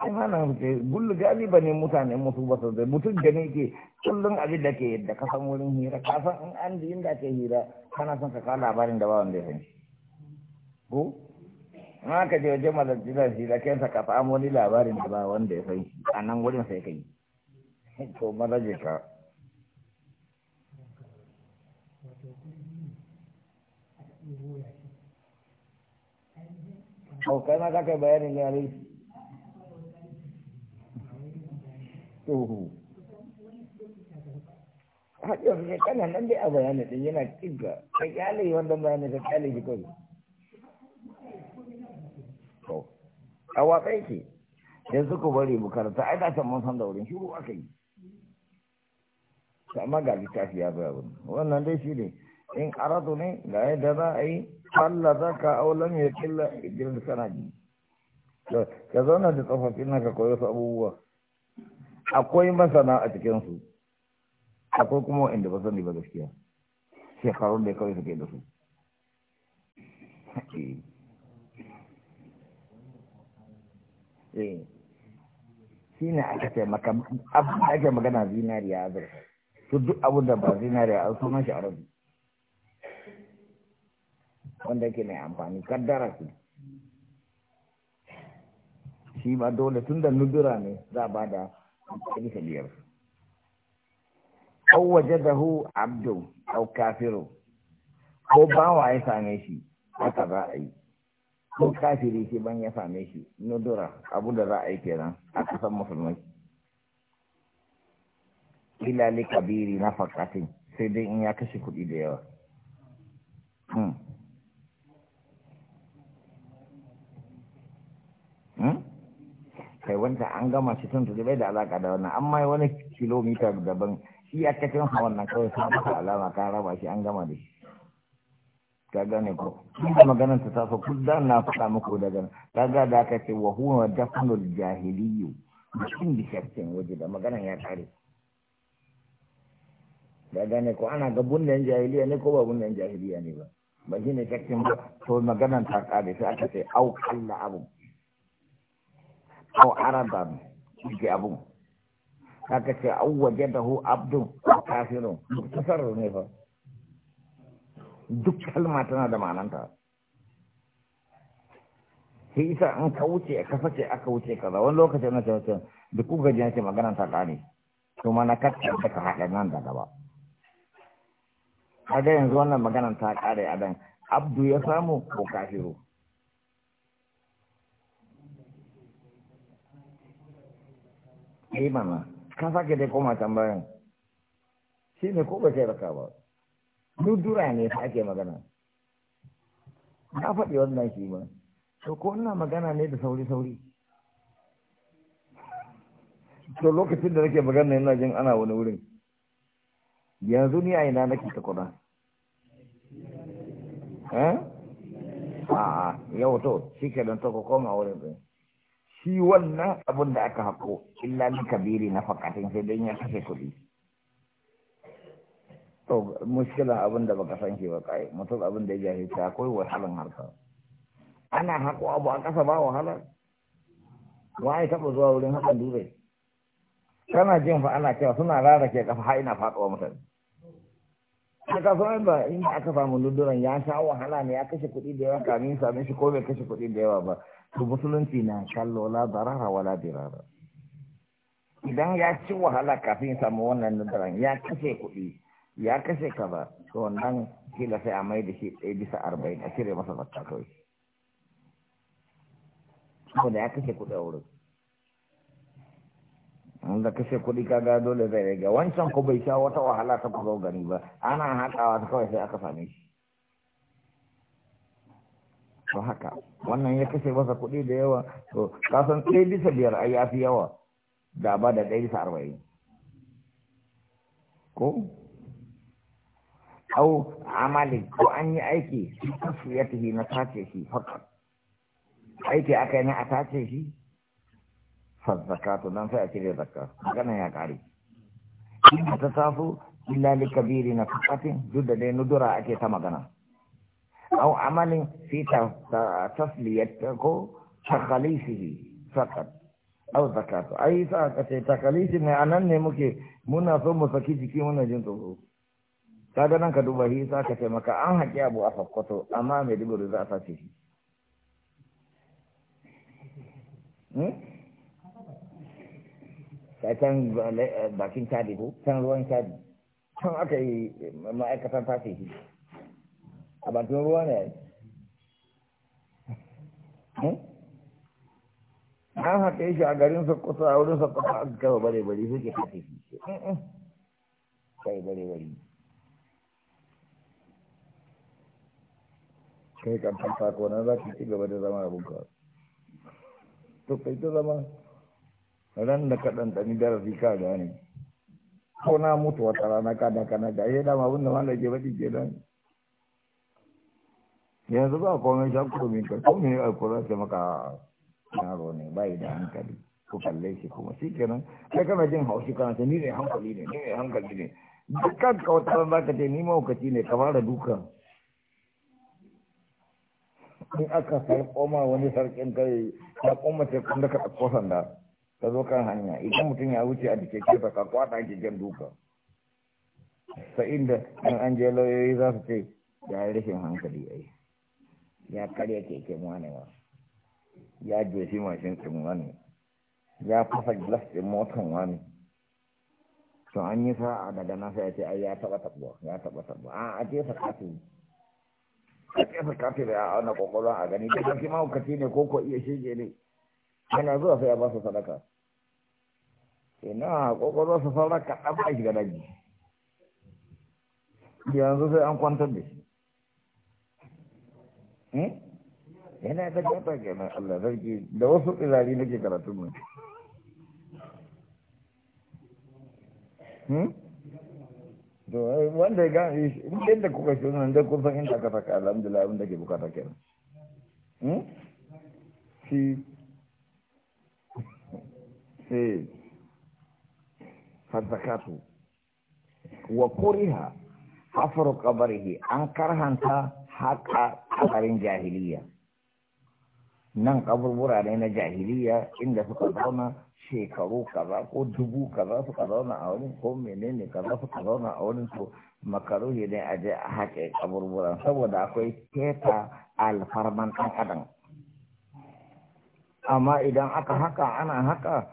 ai mana ne mutane musu ba su mutum gani ke kullum abin ke yadda ka san wurin hira ka san in an ji inda ke hira kana son ka kawo labarin da ba wanda ko na ka je wajen malajina kensa ka samu wani labarin da ba wanda a nan wurin sai ka yi ka to kai ma kake bayanin ne alai to haɗin ne kana nan dai a bayani din yana kiga kai kyale wanda bayani ka ƙyale shi kawai to a watsai ke yanzu ku bari mu karanta ai da mun san da wurin shiru kai. yi amma ga littafi ya zo wannan dai shi ne in aradu ne ga yadda za a yi halla zaka aw lam yakilla gidan kana ji ka zauna da tsofaffin naka koyo su abubuwa akwai masana a cikin su akwai kuma inda ba sani ba gaskiya shekarun da kawai suke da su eh, shi ne aka ce maka abin da ake magana zinariya azurfa su duk abin da ba zinariya a sunan shi a rabu wanda yake mai amfani kaddara ce shi ma dole tun da nudura ne za a ba da bisa biyar au hu abdu au kafiru ko bawa ya same shi haka za a yi ko kafiri shi ban ya same shi nudura abu da za a yi kenan a kasan musulmai ilali kabiri na fakatin sai dai in ya kashe kuɗi da yawa hmm. Hmm? kai wanda an gama shi tun bai da alaka da wannan amma wani kilomita daban shi a cikin hawan nan kawai sa maka alama ka raba shi an gama da shi ka gane ko inda maganar ta tafa kullum na faɗa muku daga ka ga da aka ce wa huwa dafnul jahiliyyu cikin bishartin waje da maganar ya kare da gane ko ana ga bunnan jahiliya ne ko ba bunnan jahiliya ne ba ba shi ne ba to maganar ta kare sai aka ce au kalla abu aw aradan ke abun haka ce aw wajadahu abdun kafirun tasarru ne fa duk kalma tana da ma'ananta shi isa in ka wuce ka face aka wuce kaza wani lokacin na cewa da ku gaji ce magana ta kare to mana kakka da ka haɗa nan da gaba kaga yanzu wannan magana ta ƙare a dan abdu ya samu ko kafiru eh mana ka sake dai koma tambayan shi ne ko ba sai raka ba dudura ne fa ake magana na faɗi wannan shi ba to ko ina magana ne da sauri sauri to lokacin da nake magana yana jin ana wani wurin yanzu ni a ina nake ta kuɗa eh Aa yau to shi ke don ta koma wurin ɗin shi wannan abin da aka haƙo illa ni kabiri na fakatin sai don ya kashe kuɗi to muskilan abin da baka san shi ba kai mutum abin da ya ta akwai wahalan harka ana haƙo abu a ƙasa ba wahala wa ya taɓa zuwa wurin haƙan dure? kana jin fa ana cewa suna rara ke ƙasa, har ina faɗuwa mutane haka sauran ba in aka samu luduran ya sha wahala ne ya kashe kuɗi da yawa kamin sami shi ko bai kashe kuɗi da yawa ba to musulunci na kallo la darara wala dirara idan ya ci wahala kafin samu wannan nadaran ya kashe kuɗi ya kashe ba to wannan kila sai a mai da shi ɗaya bisa arba'in a cire masa zakka kawai saboda ya kashe kuɗi a wurin da kashe kuɗi kaga dole zai rage wancan ko bai sha wata wahala ta kuzo gani ba ana haɗawa ta kawai sai aka same shi to haka wannan ya kashe masa kuɗi da yawa to kasan ɗaya bisa biyar a ya fi yawa da ba da ɗaya bisa arba'in ko au amali ko an yi aiki kasu ya tafi na tace shi haka aiki aka yi na a tace shi to don sai a cire zakka magana ya ƙare ina ta taso illa likabiri kabiri na fakatin duk da dai nudura ake ta magana أو عمل في تسلية تخليصه فقط أو زكاة أي ساعة تخليص ما أنا نمك منا ثم سكيتك منا جنته kaga nan ka duba shi sa ka ce maka an haƙi abu a fakkwato amma mai dubu da za a sace shi ka can bakin cadi ko can ruwan cadi can aka yi ma'aikatan Abantu bakin ruwa ne eh? an haka shi a garin sakkwata a wurin sakkwata a kafa bare bare ke kafe shi eh, eh. kai bare bare kai kamfan sako na za ki ci gaba da zama abin ka to kai ta zama ran da ka ɗanɗani darasi ka gane ko na mutu wata rana ka da kana ga yi dama abin da malam ke faɗi ke nan yanzu ba komai sha ku domin ka komai a kura ce maka yaro ne bai da hankali ko kalle shi kuma shi kenan kai kana jin haushi kana ta ni ne hankali ne ni ne hankali ne dukkan kawatar za ka ce ni wakaci ne ka fara dukan in aka sarƙo koma wani sarƙin kai sarƙon koma kun da ka ɗauko sanda ka zo kan hanya idan mutum ya wuce a dike kefa ka kwata ake jan duka sai inda an an je lauyoyi za su ce ya yi rashin hankali ai ya karya keken wane wa ya jefi mashin ɗin wani. ya fasa glass din motan wani. to an yi sa'a daga nasa ya ce ai ya taɓa taɓa ya taɓa taɓa a a jefa kafin a jefa kafin a auna kwakwalwa a gani da kafi mahaukaci ne ko ko iya shege ne ana zuwa sai ya ba su sadaka ina kwakwalwa su sauraka ɗan ba shi ga daji yanzu sai an kwantar da shi Eh? yana da gaba kenan Allah zargi da wasu tsirari nake karatu mu hmm? to eh, wanda ya gane inda kuka shi nan da kun san inda ka saka alhamdulillah abin da ke bukata kenan hmm? shi sai fadakatu wa kuriha hafru qabrihi an karhanta haka kafarin jahiliya nan kaburbura ne na jahiliya inda suka zauna shekaru kaza ko dubu kaza suka zauna a wurin ko menene kaza suka zauna a wurin to makaruhi ne a je a haƙe kaburbura saboda akwai keta alfarman ɗan adam amma idan aka haka ana haka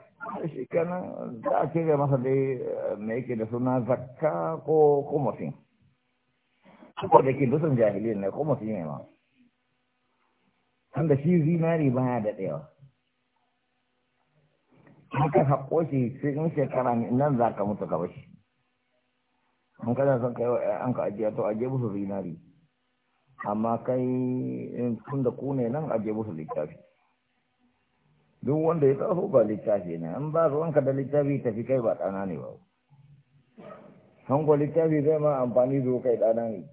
shi kenan za a cire masa dai eh, me yake da suna zakka ko kuma fin da ke dusan jahiliyar ne kuma ne ma wanda shi zinari baya daɗewa haka haƙo shi sai in shekara ne nan za ka mutu gaba shi an kada son kai an ka ajiya to ajiye musu zinari amma kai tun da ku ne nan ajiye musu littafi duk wanda ya taso ba littafi ne an ba ruwanka da littafi tafi kai ba ɗana ne ba hango littafi zai ma amfani zo kai ɗana ne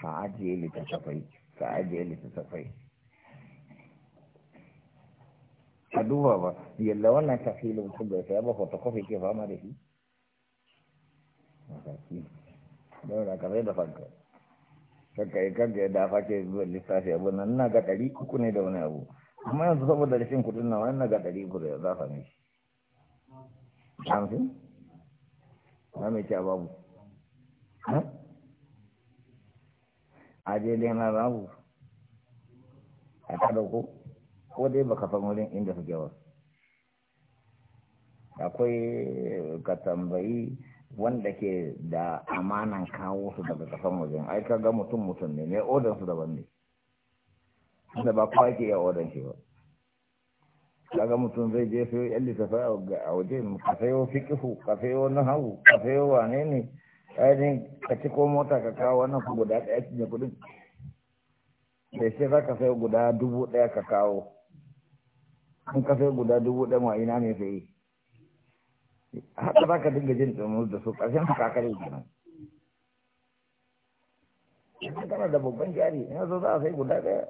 ka ajiye littafi ka ajiye littattafai a duba ba yalla wannan tafilin mutum bai saya ba fotokofi ke fama da shi don da ka da fanka kanka yi kanka ya dafa ke zuwa lissafi abu nan na ga ɗari uku ne da wani abu amma yanzu saboda rashin kuɗin na wani na ga ɗari uku da zafa ne shi hamsin na mai kya babu ha Aje je na rabu? a ta dauko ko dai baka san wurin inda suke ba akwai ka tambayi wanda ke da amanan kawo su daga kasan wajen ai ka ga mutum mutum ne ne odan su daban ne da ba kowa ke iya odan shi ba kaga mutum zai je sayo yan littafai a waje ka sayo fikihu ka sayo nahawu ka sayo wane ainihin ka ci ko mota ka kawo wannan ku guda ɗaya cinye kuɗin da sai za ka sai guda dubu ɗaya ka kawo in ka sai guda dubu ɗaya ma ina ne sai haka za ka dinga jin tsamun da su ƙarshen haka kare kenan ina kana da babban jari ina so za a sai guda ɗaya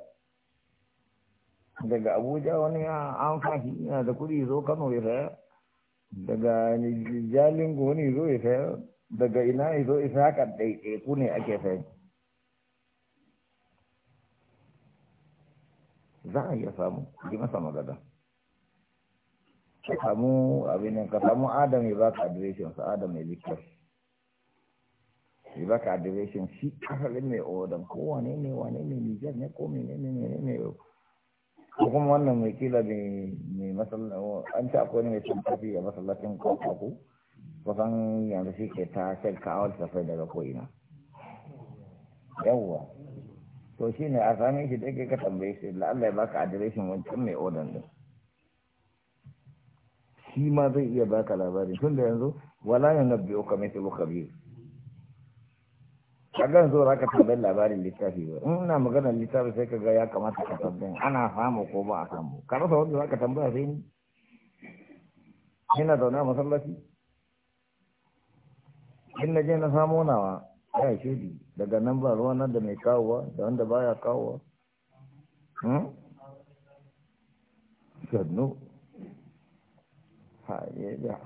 daga abuja wani ya an fashi ina da kuɗi zo kano ya saya daga jalingo wani zo ya saya daga ina ya zo isa haka ɗaiɗaiku eh, ne ake sai za a iya samu ji masa magada ka samu abin ka samu adam ya ka adireshin su adam ya likar ya ka adireshin shi asalin mai odam ko wane ne wane ne nijar ne ko mene ne mene ne ko kuma wannan mai kila mai masallaci an ci akwai ne mai cin tafi a masallacin kwakwaku kusan yanzu shi ke ta shirka awar tafai daga ko'ina yawwa to shi ne a sami shi da ka tambaye shi la'alla ya baka adireshin wancan mai odan din shi ma zai iya baka labari tun da yanzu wala yana biyo ka mai kabi a gan zo za ka tambayi labarin littafi ba in ina maganar littafi sai ga ya kamata ka tambayin ana samu ko ba a samu ka rasa wanda za ka tambaya sai ni ina zaune a masallaci in na je na samo nawa ya shudi daga nan ba ruwa nan da mai kawowa da wanda ya kawowa hmm? sannu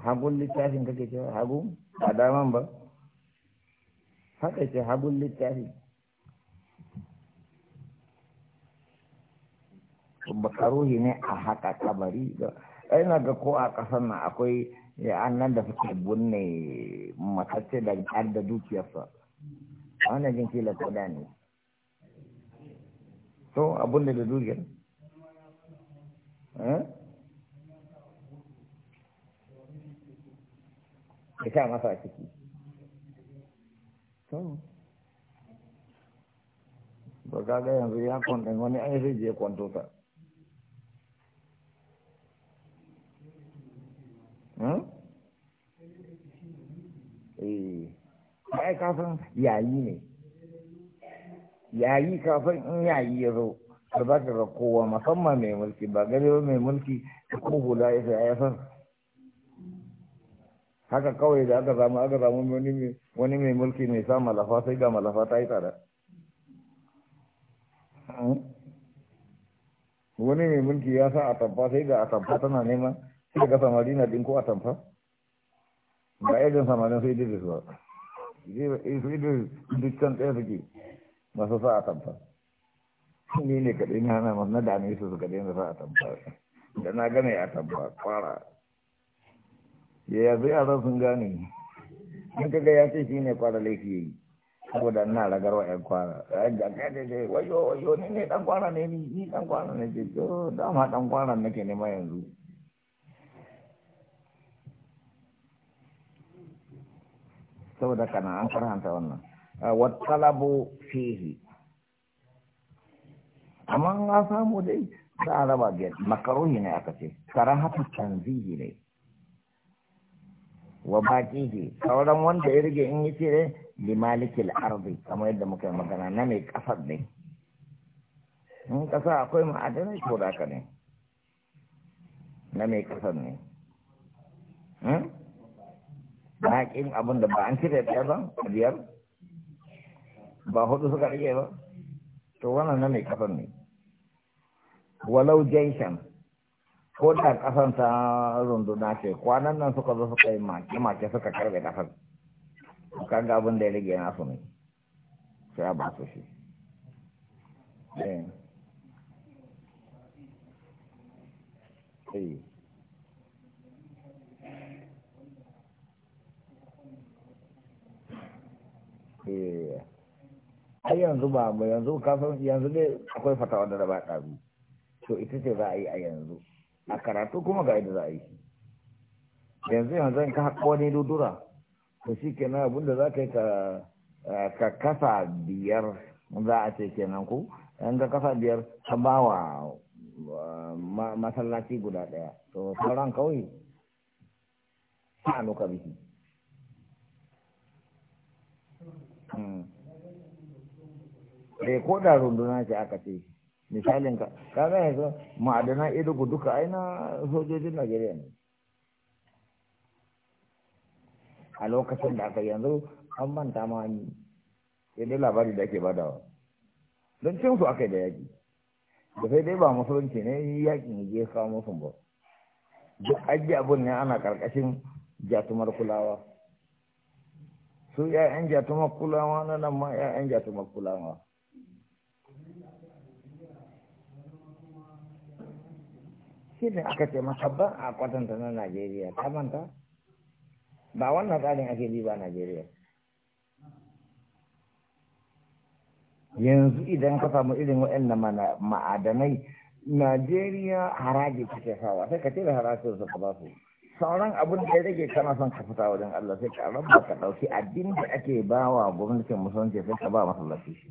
hagun littafin kake cewa hagun a daman ba haka ce hagun littafin bakaruhi ne a haka kabari da ina ga ko a ƙasar nan akwai ya an nan da suke bunne matacce da har da dukiyarsa a wannan jin kila koda ne to abun da da dukiyar eh? ya sa masa a ciki to ba ga yanzu ya kwanta wani an zai je kwanto ta Hmm? Eh, ai kafin yayi ne yayi kafin in yayi ya zo ba ka ga kowa musamman mai mulki ba gare mai mulki ta ko hula isa ya san haka kawai da aka zama aka zama wani mai mulki mai sa malafa sai ga malafa ta yi tsada hmm? wani mai mulki ya sa a tabba sai ga a tabba tana neman sai ga samari na ko a tamfa ba irin samarin su idris ba eh, su idris dukkan tsaye suke masu sa a tamfa ni ne kaɗai na hana masu na dame su su kaɗai na sa a tamfa da na gane a tamfa kwara ya yanzu zan sun gane in ga ya ce shi ne kwara laifi ya yi saboda ina ragar wa 'yan ya ga kai dai wayo wayo ne ne dan kwara ne ni ni dan kwara ne ke to oh, dama dan kwara nake nema yanzu saboda kana an karanta wannan wa talabu fihi amma an samu dai da alaba biyar makaruhi ne aka ce karahatu tanzihi ne wa baqihi sauran wanda ya rige in yace ne li malikil ardi kamar yadda muka yi magana na mai kasar ne in kasa akwai ma'adanai ko da ne na mai kasar ne hmm? baƙin abin da ba an cire ɗaya ba a biyar ba hudu suka rage ba to wannan na mai kasan ne walau jaishan ko da kasan ta runduna ce kwanan nan suka zo suka yi make suka karbe kasan kaga abin da ya rage nasu ne sai a ba su shi eh, eh. Eh, ai yanzu ba ba yanzu kafin yanzu dai akwai fatawa da raba ɗabi to ita ce za a yi a yanzu a karatu kuma ga yadda za a yi yanzu yanzu ka haƙo wani dudura to shi kenan abunda abinda za ka yi ka kasa biyar za a ce kenan ku yan ka kasa biyar ka ba wa masallaci guda ɗaya to sauran kawai sa'anu ka biki bai hmm. eh, ko da runduna ce aka ce misalin ka ka zai yanzu ma'adana idugu duka aina sojojin Najeriya ne a lokacin da aka yanzu an manta ma ni sai dai labari da ake badawa don cin su aka yi da yaki da sai dai ba musulunci ne yaƙin ya kawo musu ba duk ajiye abun ne ana ƙarƙashin jatumar kulawa su ‘ya'yan jatuma kulawa na nan ma ‘ya'yan jatuma kulawa shi ne aka ce masabban a kwatanta na najeriya ta manta ba wannan tsarin ake bi ba najeriya yanzu idan ka samu irin na ma'adanai najeriya haraji take sawa sai ka ce da harajin su ka ba su sauran abin da ya rage kana son ka fita wajen Allah sai ka rabba ka dauki addini da ake bawa gwamnatin musulunci sai ka ba masallaci shi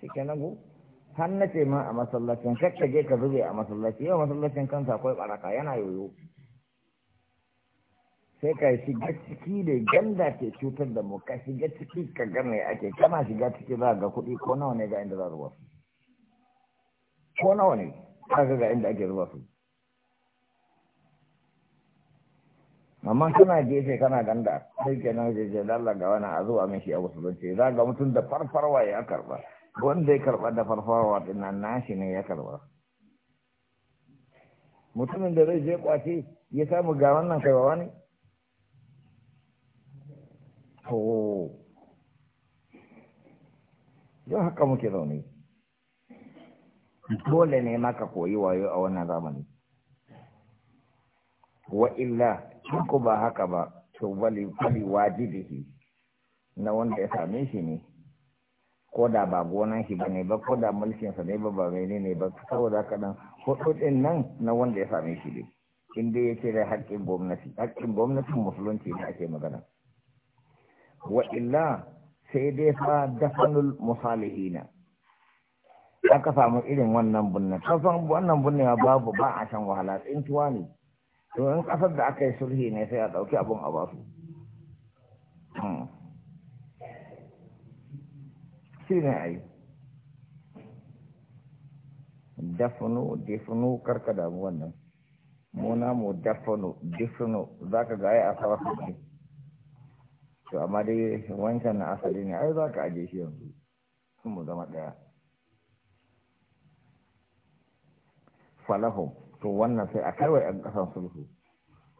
shi kenan go har ce ma a masallacin kakka je ka zube a masallaci yau masallacin kansa akwai baraka yana yoyo sai ka shiga ciki da ganda ke cutar da mu ka shiga ciki ka ga me ake kana shiga ciki za ga kuɗi ko nawa ne ga inda za ruwa ko nawa ne ka ga inda ake zuba su amma kana gefe kana ganda sai kenan jeje da Allah ga wani a zuwa min shi a musulunci za ga mutum da farfarwa ya karba wanda ya karba da farfarwa din nan nashi ne ya karba mutumin da zai je kwace ya samu ga wannan kai wani to yau haka muke zaune dole ne maka koyi wayo a wannan zamani wa illa in ku ba haka ba to bali bali wajibihi na wanda ya same shi ne ko da ba gonan shi bane ba ko da mulkin sa ne ba ba mene ne ba saboda haka nan hudin nan na wanda ya same shi ne in dai yake da haƙƙin gwamnati haƙƙin gwamnati musulunci ne ake magana wa illa sai dai fa dafanul musalihina aka samu irin wannan bunna kafan wannan bunne babu ba a shan wahala tsintuwa ne to in kasar da aka yi sulhi ne sai a ɗauki abin a basu hmm. shi ne a yi dafinu dafinu karka damu wannan muna mu dafinu dafinu za ka ga a ne to amma dai wancan na asali ne ai za ka aje shi yanzu sun mu zama ɗaya falahu to wannan sai a kaiwa yan kasan sulhu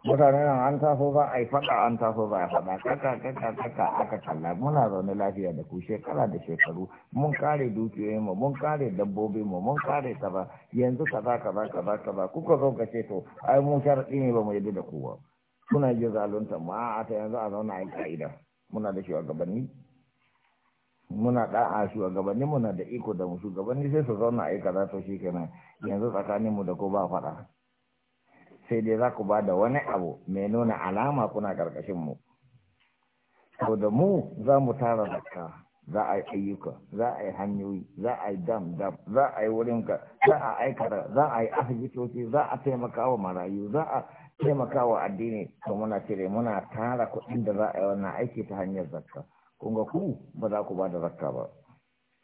mutane nan an taso za a yi faɗa an taso ba a faɗa kaka kaka kaka aka kalla muna zaune lafiya da ku shekara da shekaru mun kare dukiyoyin mu mun kare dabbobin mu mun kare ba yanzu kaza kaza kaza ku kuka zo ka ce to ai mun sharaɗi ne ba mu yadda da kowa. kuna zalunta mu a ta yanzu a zauna a yi ka'ida muna da shugabanni muna ɗa'a shugabanni muna da iko da mu shugabanni sai su zauna a yi kaza to shi kenan yanzu tsakaninmu da ku ba faɗa sai dai za ku ba da wani abu mai nuna alama kuna ƙarƙashinmu to da mu za mu tara zakka za a yi ayyuka za a yi hanyoyi za a yi dam dam za a yi wurin ka za a aikata za a yi asibitoci za a taimaka wa marayu za a taimaka wa addini to muna cire muna tara kuɗin da za a yi wannan aiki ta hanyar zakka kun ga ku ba za ku ba da zakka ba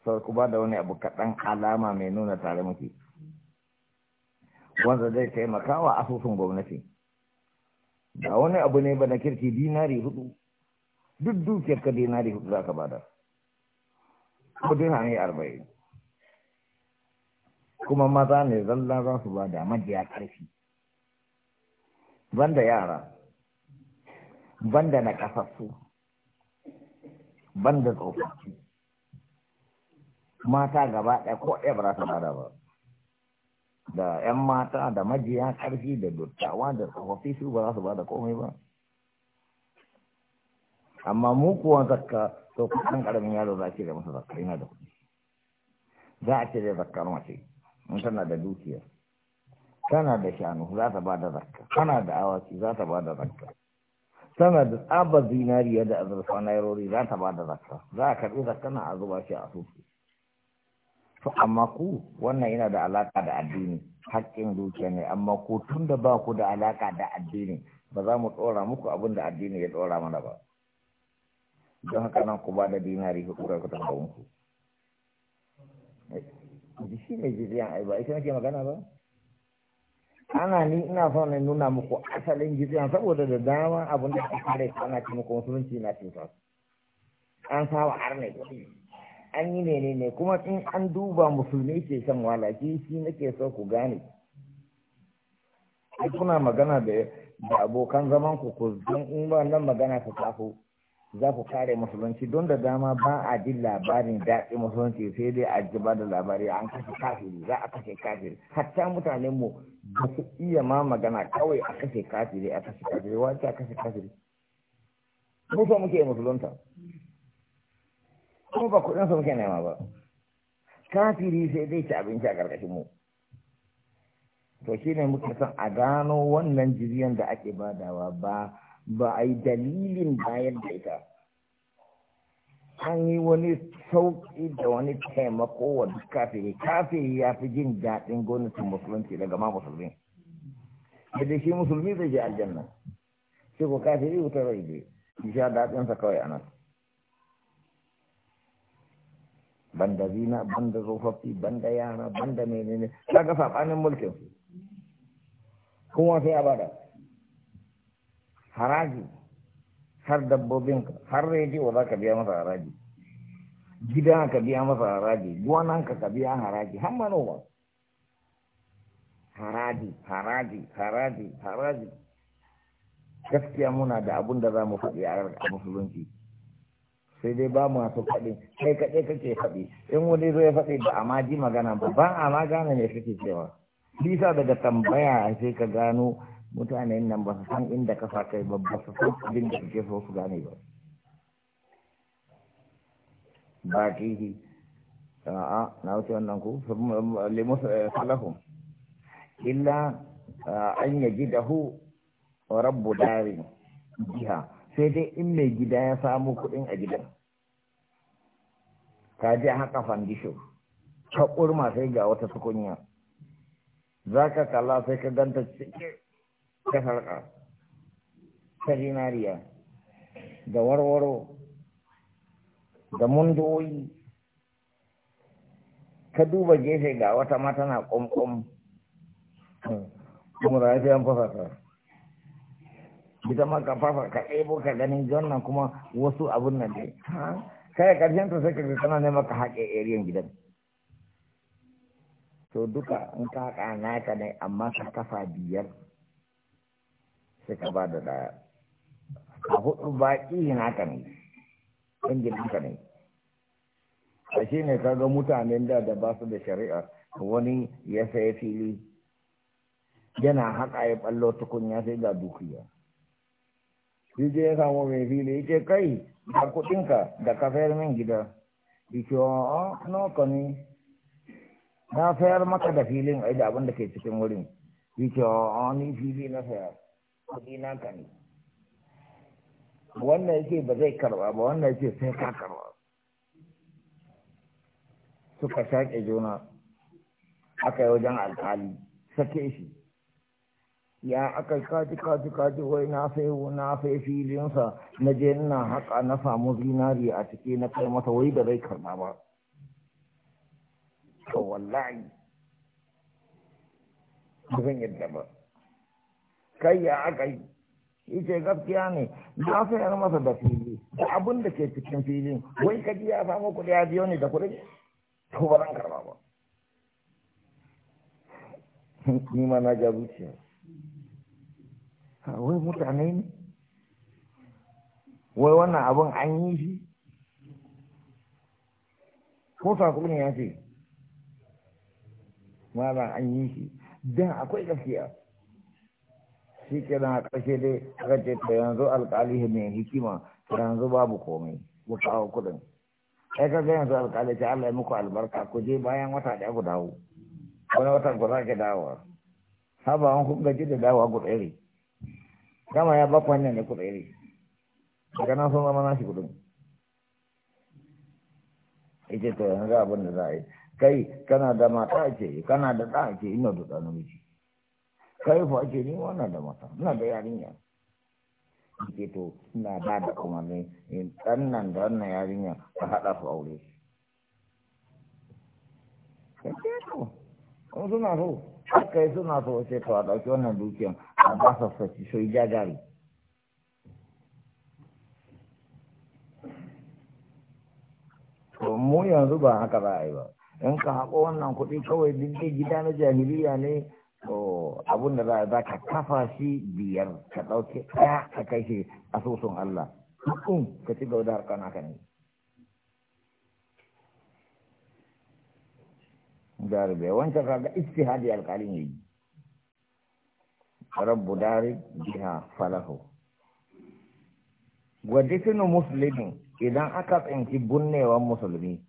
sau ku ba da wani abu kaɗan alama mai nuna tare muke wanda zai taimaka wa asusun gwamnati da wani abu ne ba na kirki dinari hudu duk dukiyar ka dinari hudu za ka bada ko dirhami arba'in kuma maza ne zalla za su bada majiya karfi banda yara banda na kasassu banda tsofaffi mata gaba ɗaya ko ɗaya ba za ta bada ba da 'yan mata da majiya ƙarfi da dottawa da tsofaffi su ba za su ba da komai ba amma mu kuwa zakka to kusan ƙaramin yaro za a cire masa zakka yana da kuɗi za a cire zakkar mace in tana da dukiya tana da shanu za ta ba da zakka tana da awaki za ta ba da zakka tana da tsabar zinariya da azurfa nairori za ta ba da zakka za a karɓi zakka na a zuba shi a asusu to amma ku wannan yana da alaka da addini haƙƙin dukiya ne amma ku tun da ba ku da alaka da addini ba za mu ɗora muku abin da addini ya ɗora mana ba don haka nan ku ba da dinari kura ku kutan ku shi ne jiziyan ai ba ita nake magana ba ana ni ina son na nuna muku asalin jiziyan saboda da dama abin da ake kare ana ce muku musulunci na cuta an sawa har ne an yi menene kuma in an duba musulmi ke shan walaki shi nake so ku gane kuna magana da abokan zaman ku ku don in nan magana ta tafi za ku kare musulunci don da dama ba a jin labarin daɗi musulunci sai dai a ji da labari an kashe kafiri za a kashe kafiri hatta mutanen mu ba su iya ma magana kawai a kashe kafiri a kashe kafiri wata a kashe kafiri musa muke musulunta kuma ba kuɗin sa muke nema ba kafiri sai dai ci abinci a ƙarƙashin mu to shi ne muke son a gano wannan jiriyan da ake badawa ba ba a yi dalilin bayan da ita an yi wani sauƙi da wani taimako wa duk kafiri kafiri ya fi jin daɗin gwamnatin musulunci daga ma musulmi yadda shi musulmi zai je aljanna sai ko kafiri wuta zai shi sha daɗinsa kawai a nan banda zina banda tsofaffi banda yara banda menene ga sabanin mulkin su kuma sai abada bada haraji har dabbobin har rediyo za ka biya masa haraji gida ka biya masa haraji ka ka biya haraji har manoma haraji haraji haraji haraji gaskiya muna da abun da za mu faɗi a musulunci sai dai ba mu wasu faɗi kai kaɗai kake faɗi in wani zo ya faɗi ba a ma ji magana ba ba a ma gane ne kake cewa bisa daga tambaya sai ka gano mutanen nan ba su san inda ka sa kai ba ba su san abin da kake so su gane ba ba yi a'a na wuce wannan ku limus eh, salahum illa eh, an yajidahu rabbu dari jiha sai dai in mai gida ya samu kuɗin a gidan ka je haka fandisho ta kurma sai ga wata tukunya za ka kalla sai ka ganta cike ta harka ta zinariya da warwaro da mundoyi ka duba gefe ga wata ma tana ƙumƙum kuma da haifiyan fafasa ita maka ka fafa ka ɗebo ka ganin jannan kuma wasu abin nan dai kai karshen ta sai ka ga kana neman ka haƙe eriyan gidan to duka in ka haƙa naka ne amma ka kafa biyar sai ka ba da daya a hudu baƙi ka ne ɗan ka ne a shi ne kaga mutanen da da ba su da shari'a wani ya fili yana haƙa ya ɓallo tukunya sai ga dukiya shi je ya samu mai fili ya ce kai da kuɗinka da ka fayar min gida ya ce a ah, nawa ka ne na fayar maka da filin ai da abin da ke cikin wurin ya ce a ni fili na fayar kuɗi na ka ne wannan yake ba zai karba ba wannan yake sai ka karba suka shaƙe juna aka yi wajen alƙali sake shi ya aka kaji kaji kaji wai na sai na sai filinsa na je ina haka na samu zinari a ciki na kai masa wai da zai karba ba to wallahi ba zan yadda ba kai ya aka yi shi ce gaskiya ne na sayar masa da fili da abin da ke cikin filin wai kaji ya samu kuɗi ya biyo ne da kuɗi to ba zan karba ba ni ma na ga zuciya wai mutane ne wai wannan abin an yi shi ko sako ne ya ce malam an yi shi don akwai gaskiya shi ke nan a ƙarshe dai aka ce ta yanzu alƙali mai hikima yanzu babu komai ku kawo kuɗin sai ka ga yanzu alƙali ta Allah ya muku albarka ku je bayan wata ɗaya ku dawo wani wata ku ki dawowa haba an kun gaji da dawowa ku tsere Kama ya baku hanyar ne kuɗaɗe daga nan sun zama nashi kuɗin ita to yanzu abin da za a yi kai kana da mata ce kana da ɗa ce ina da ɗa namiji kai fa ce ni wannan da mata ina da yarinya ita to ina ba da umarni in ɗan nan da wannan yarinya ka haɗa su aure kai ce to suna so kai suna so sai to a ɗauki wannan dukiyan Abbas সেই gari. mu yanzu ba haka ba a ba in ka haƙo wannan kuɗi kawai dindin gida na jahiliya ne to abun da za za ka kafa shi biyar ka ɗauke ɗaya ka kai shi asusun Allah hukun ka ci gauda da harkar naka ne jarabe wancan kaga istihadi alƙalin yayi rabbu dari biha falahu wa dikinu muslimin idan aka tsinci bunnewan musulmi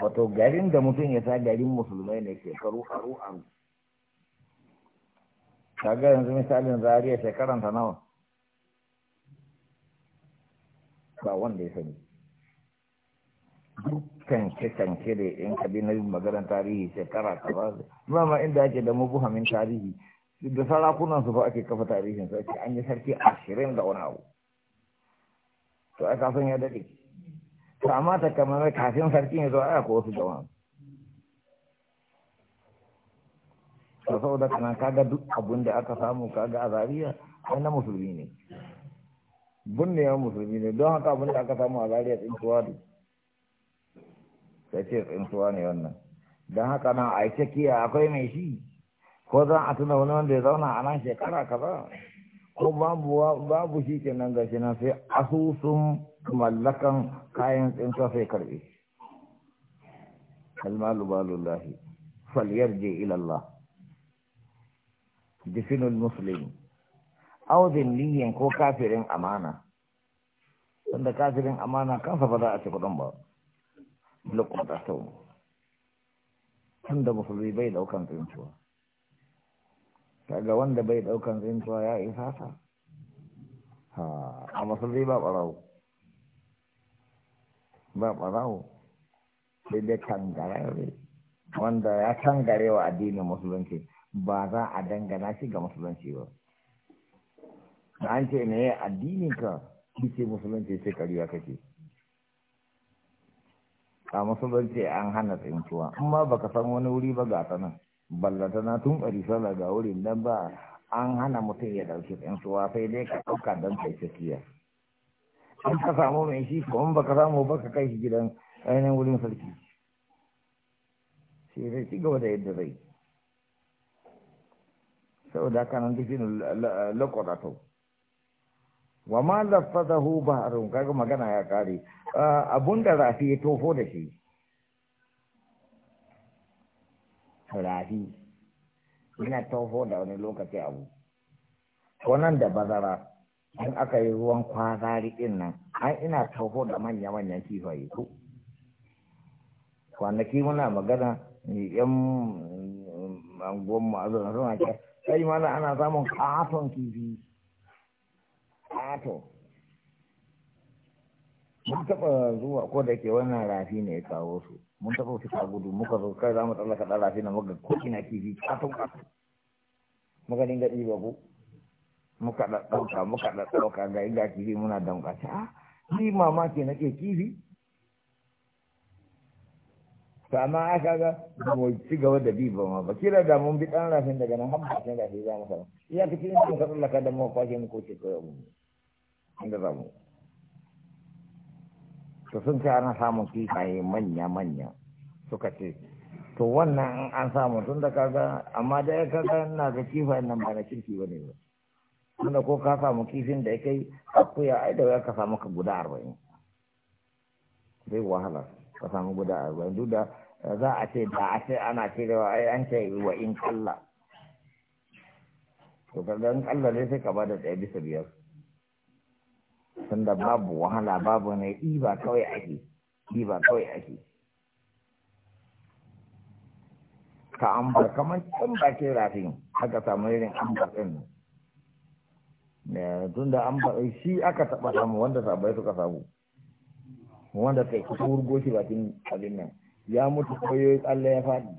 wato garin da mutum ya sa garin musulmai ne shekaru aru an kaga yanzu misalin zariya shekaran ta nawa ba wanda ya sani dukkan kanke da yan kabinar maganar tarihi shekara ta ba ma inda ake da mabuhamin tarihi da sarakunan su ba ake kafa tarihin su ake an yi sarki ashirin da wani abu to a kafin ya dade, to amma ta kamar kafin sarki ne zo a ko wasu jama'a to saboda kana kaga duk abun da aka samu kaga a zariya na musulmi ne bunne ya musulmi ne don haka abun da aka samu a zariya tsintuwa ne sai ce tsintuwa ne wannan don haka na a aikakiya akwai mai shi ko za a tuna wani wanda ya zauna a nan shekara kaza ko babu shi shi nan gashi nan sai asusun mallakan kayan tsinka sai karbe kalmalu balullahi Falyar je ilallah jifinul muslim auzin liyan ko kafirin amana wanda kafirin amana kansa ba za a ce kudin ba lokuta tun da musulmi bai daukan tsintuwa kaga wanda bai daukan zintuwa ya isa sa ha a musulmi ba barawo ba barawo sai dai kangarare wanda ya kangare wa addinin musulunci ba za a dangana shi ga musulunci ba an ce ne addinin ka kike musulunci sai kariya kake a musulunci an hana tsintuwa amma baka san wani wuri ba ga sanan ballata na tun ƙarisala ga wurin nan ba an hana mutum ya ɗauki tsinsuwa sai dai ka ɗauka don kai tafiya an ka samu mai shi ko ba baka samu ba ka kai shi gidan ainihin wurin sarki sai zai ci gaba da yadda zai saboda haka nan duk yin lakwarata wa ma ba a kaga magana ya kare ah, abun da rafi ya tofo da shi rafi ina taho da wani lokaci abu ko nan da bazara in aka yi ruwan kwazari din nan an ina taho da manya-manyan kifaye ko kwanaki muna magana yan angon ma'azin suna ce sai mana ana samun katon kifi katon mun taɓa zuwa ko da ke wannan rafi ne ya kawo su mun tafi su ta gudu muka zo kai za mu tsallaka ka ɗara na muka ko ina kifi katon katon muka dinga ɗiba ko muka ɗauka muka da ɗauka ga inda kifi muna damƙa ta ni mamaki nake kifi to amma aka ga mu ci gaba da bi ba ma ba kira da mun bi ɗan rafin daga nan har bakin rafi za mu sa iya kacin da muka tsallaka da mu kwashe mu ko ce kawai mu inda za mu to sun ce ana samun kifaye manya-manya suka ce to wannan an samu tun da kaga amma da ya kaga na ga kifayen nan ba na kirki ba ne ba da ko ka samu kifin da ya kai akuya ai da ya ka samu ka guda arba'in zai wahala ka samu guda arba'in duk da eh, za a ce da a ce ana cirewa ai an ce wa in kalla to kaga in kalla ne sai ka ba da ɗaya bisa biyar tunda babu wahala babu ne ba kawai ake ba kawai ake ka ambar kamar can bakin rafin haka samu irin ambar ɗin tun da ambar shi aka taɓa samu wanda sabai suka samu wanda kai kusa wurgo shi bakin abin nan ya mutu koyoyi tsalle ya faɗi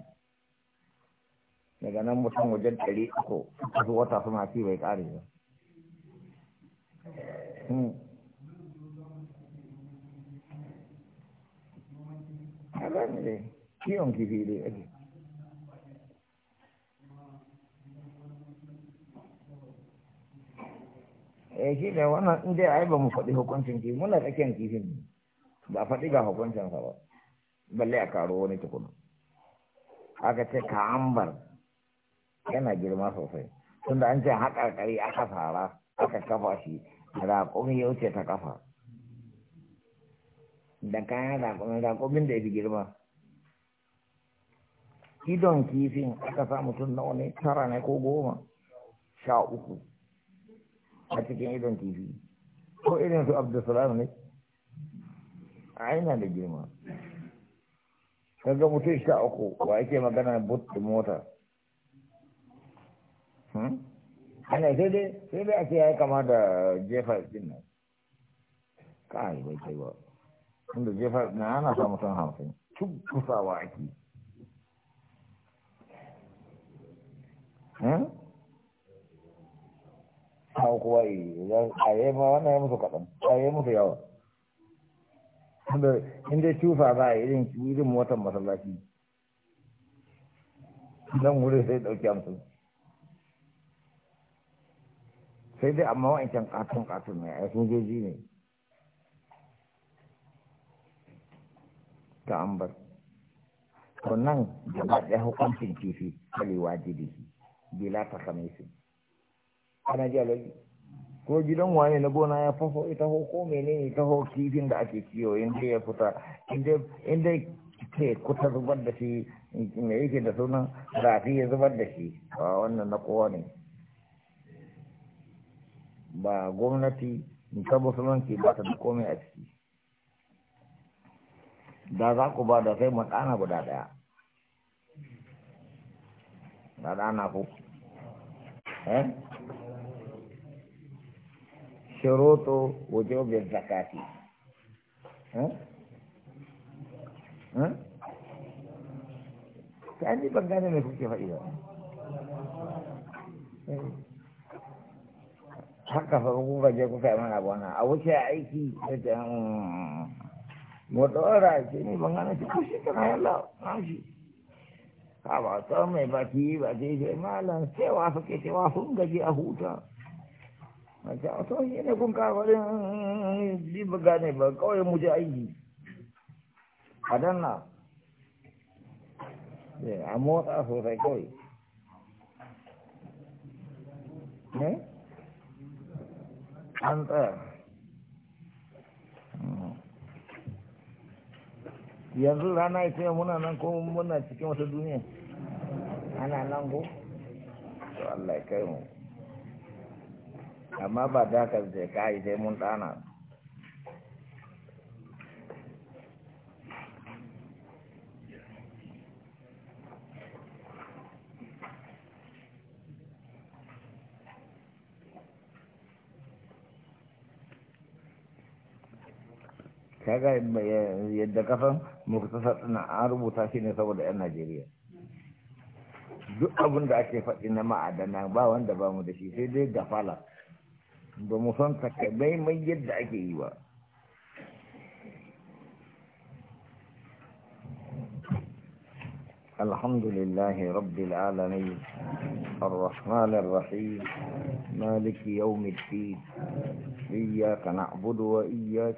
daga nan mutum wajen ɗari uku wata suna ci bai ƙare ba hmm. gane ne kiwon kifi dai ake eh shi ne wannan in dai ai mu faɗi hukuncin kifi muna tsakiyar kifin ne ba faɗi ga hukuncin sa ba balle a karo wani tukuna aka ce ka ambar yana girma sosai tunda an ce ha haƙarƙari aka saara, eh. aka kafa shi raƙumi ya wuce ta kafa da kayan raƙumin da ya fi girma idon kifin aka sa mutum na wani tara ne ko goma sha uku a cikin idon kifi ko irin su abdulsalam ne a yana da girma kaga mutum sha uku wa yake magana but da mota hmm? ana sai dai sai dai ake ce ya kama da jefa din nan kai bai kai ba inda jefa na ana samu san hamsin cukkusawa ake hmm? hau kuwa a yi ma wannan ya musu kaɗan a yi musu yawa inda cusa za a irin irin watan masallaci don wuri sai ɗauki hamsin sai dai amma wa'ancan katon katon mai a sun sojoji ne ta ambar to nan gaba ɗaya hukuncin kifi kali wajibi bila ta su ana ji alaji ko gidan wane na gona ya faho ita ho ko ne ta ho kifin da ake kiyo in ya fita in dai ke kuta zubar da shi mai yake da sunan rafi ya zubar da shi a wannan na kowa ne ba gwamnati ta musulunci ba ta da komai a ciki da za ku ba da sai mu ɗana guda ɗaya da ɗana ku eh shiroto wujubin zakati eh eh ta ni ban gane me kuke faɗi ba eh. haka fa kuka je kuka yi mana abu wannan a wuce aiki da mu ɗora shi ni ban gane shi kashi yalla ka ba ta mai baki ba ce malam sai wa suke cewa sun gaji a huta a ce oh, to shi ne kun kafarin ji ba gane ba mu je aiki a danna a motsa sosai koi? Eh? an tsaya yanzu rana ita muna nan ko muna cikin wata duniya ana nan ko to Allah ya kai mu amma ba da ka ka kai sai mun dana kaga yadda kasan muktasar ɗin an rubuta shi ne saboda 'yan najeriya duk abin da ake faɗi na ma'adana ba wanda ba mu da shi sai dai gafala ba mu san takabai mai yadda ake yi ba الحمد لله رب العالمين الرحمن الرحيم مالك يوم الدين إياك نعبد وإياك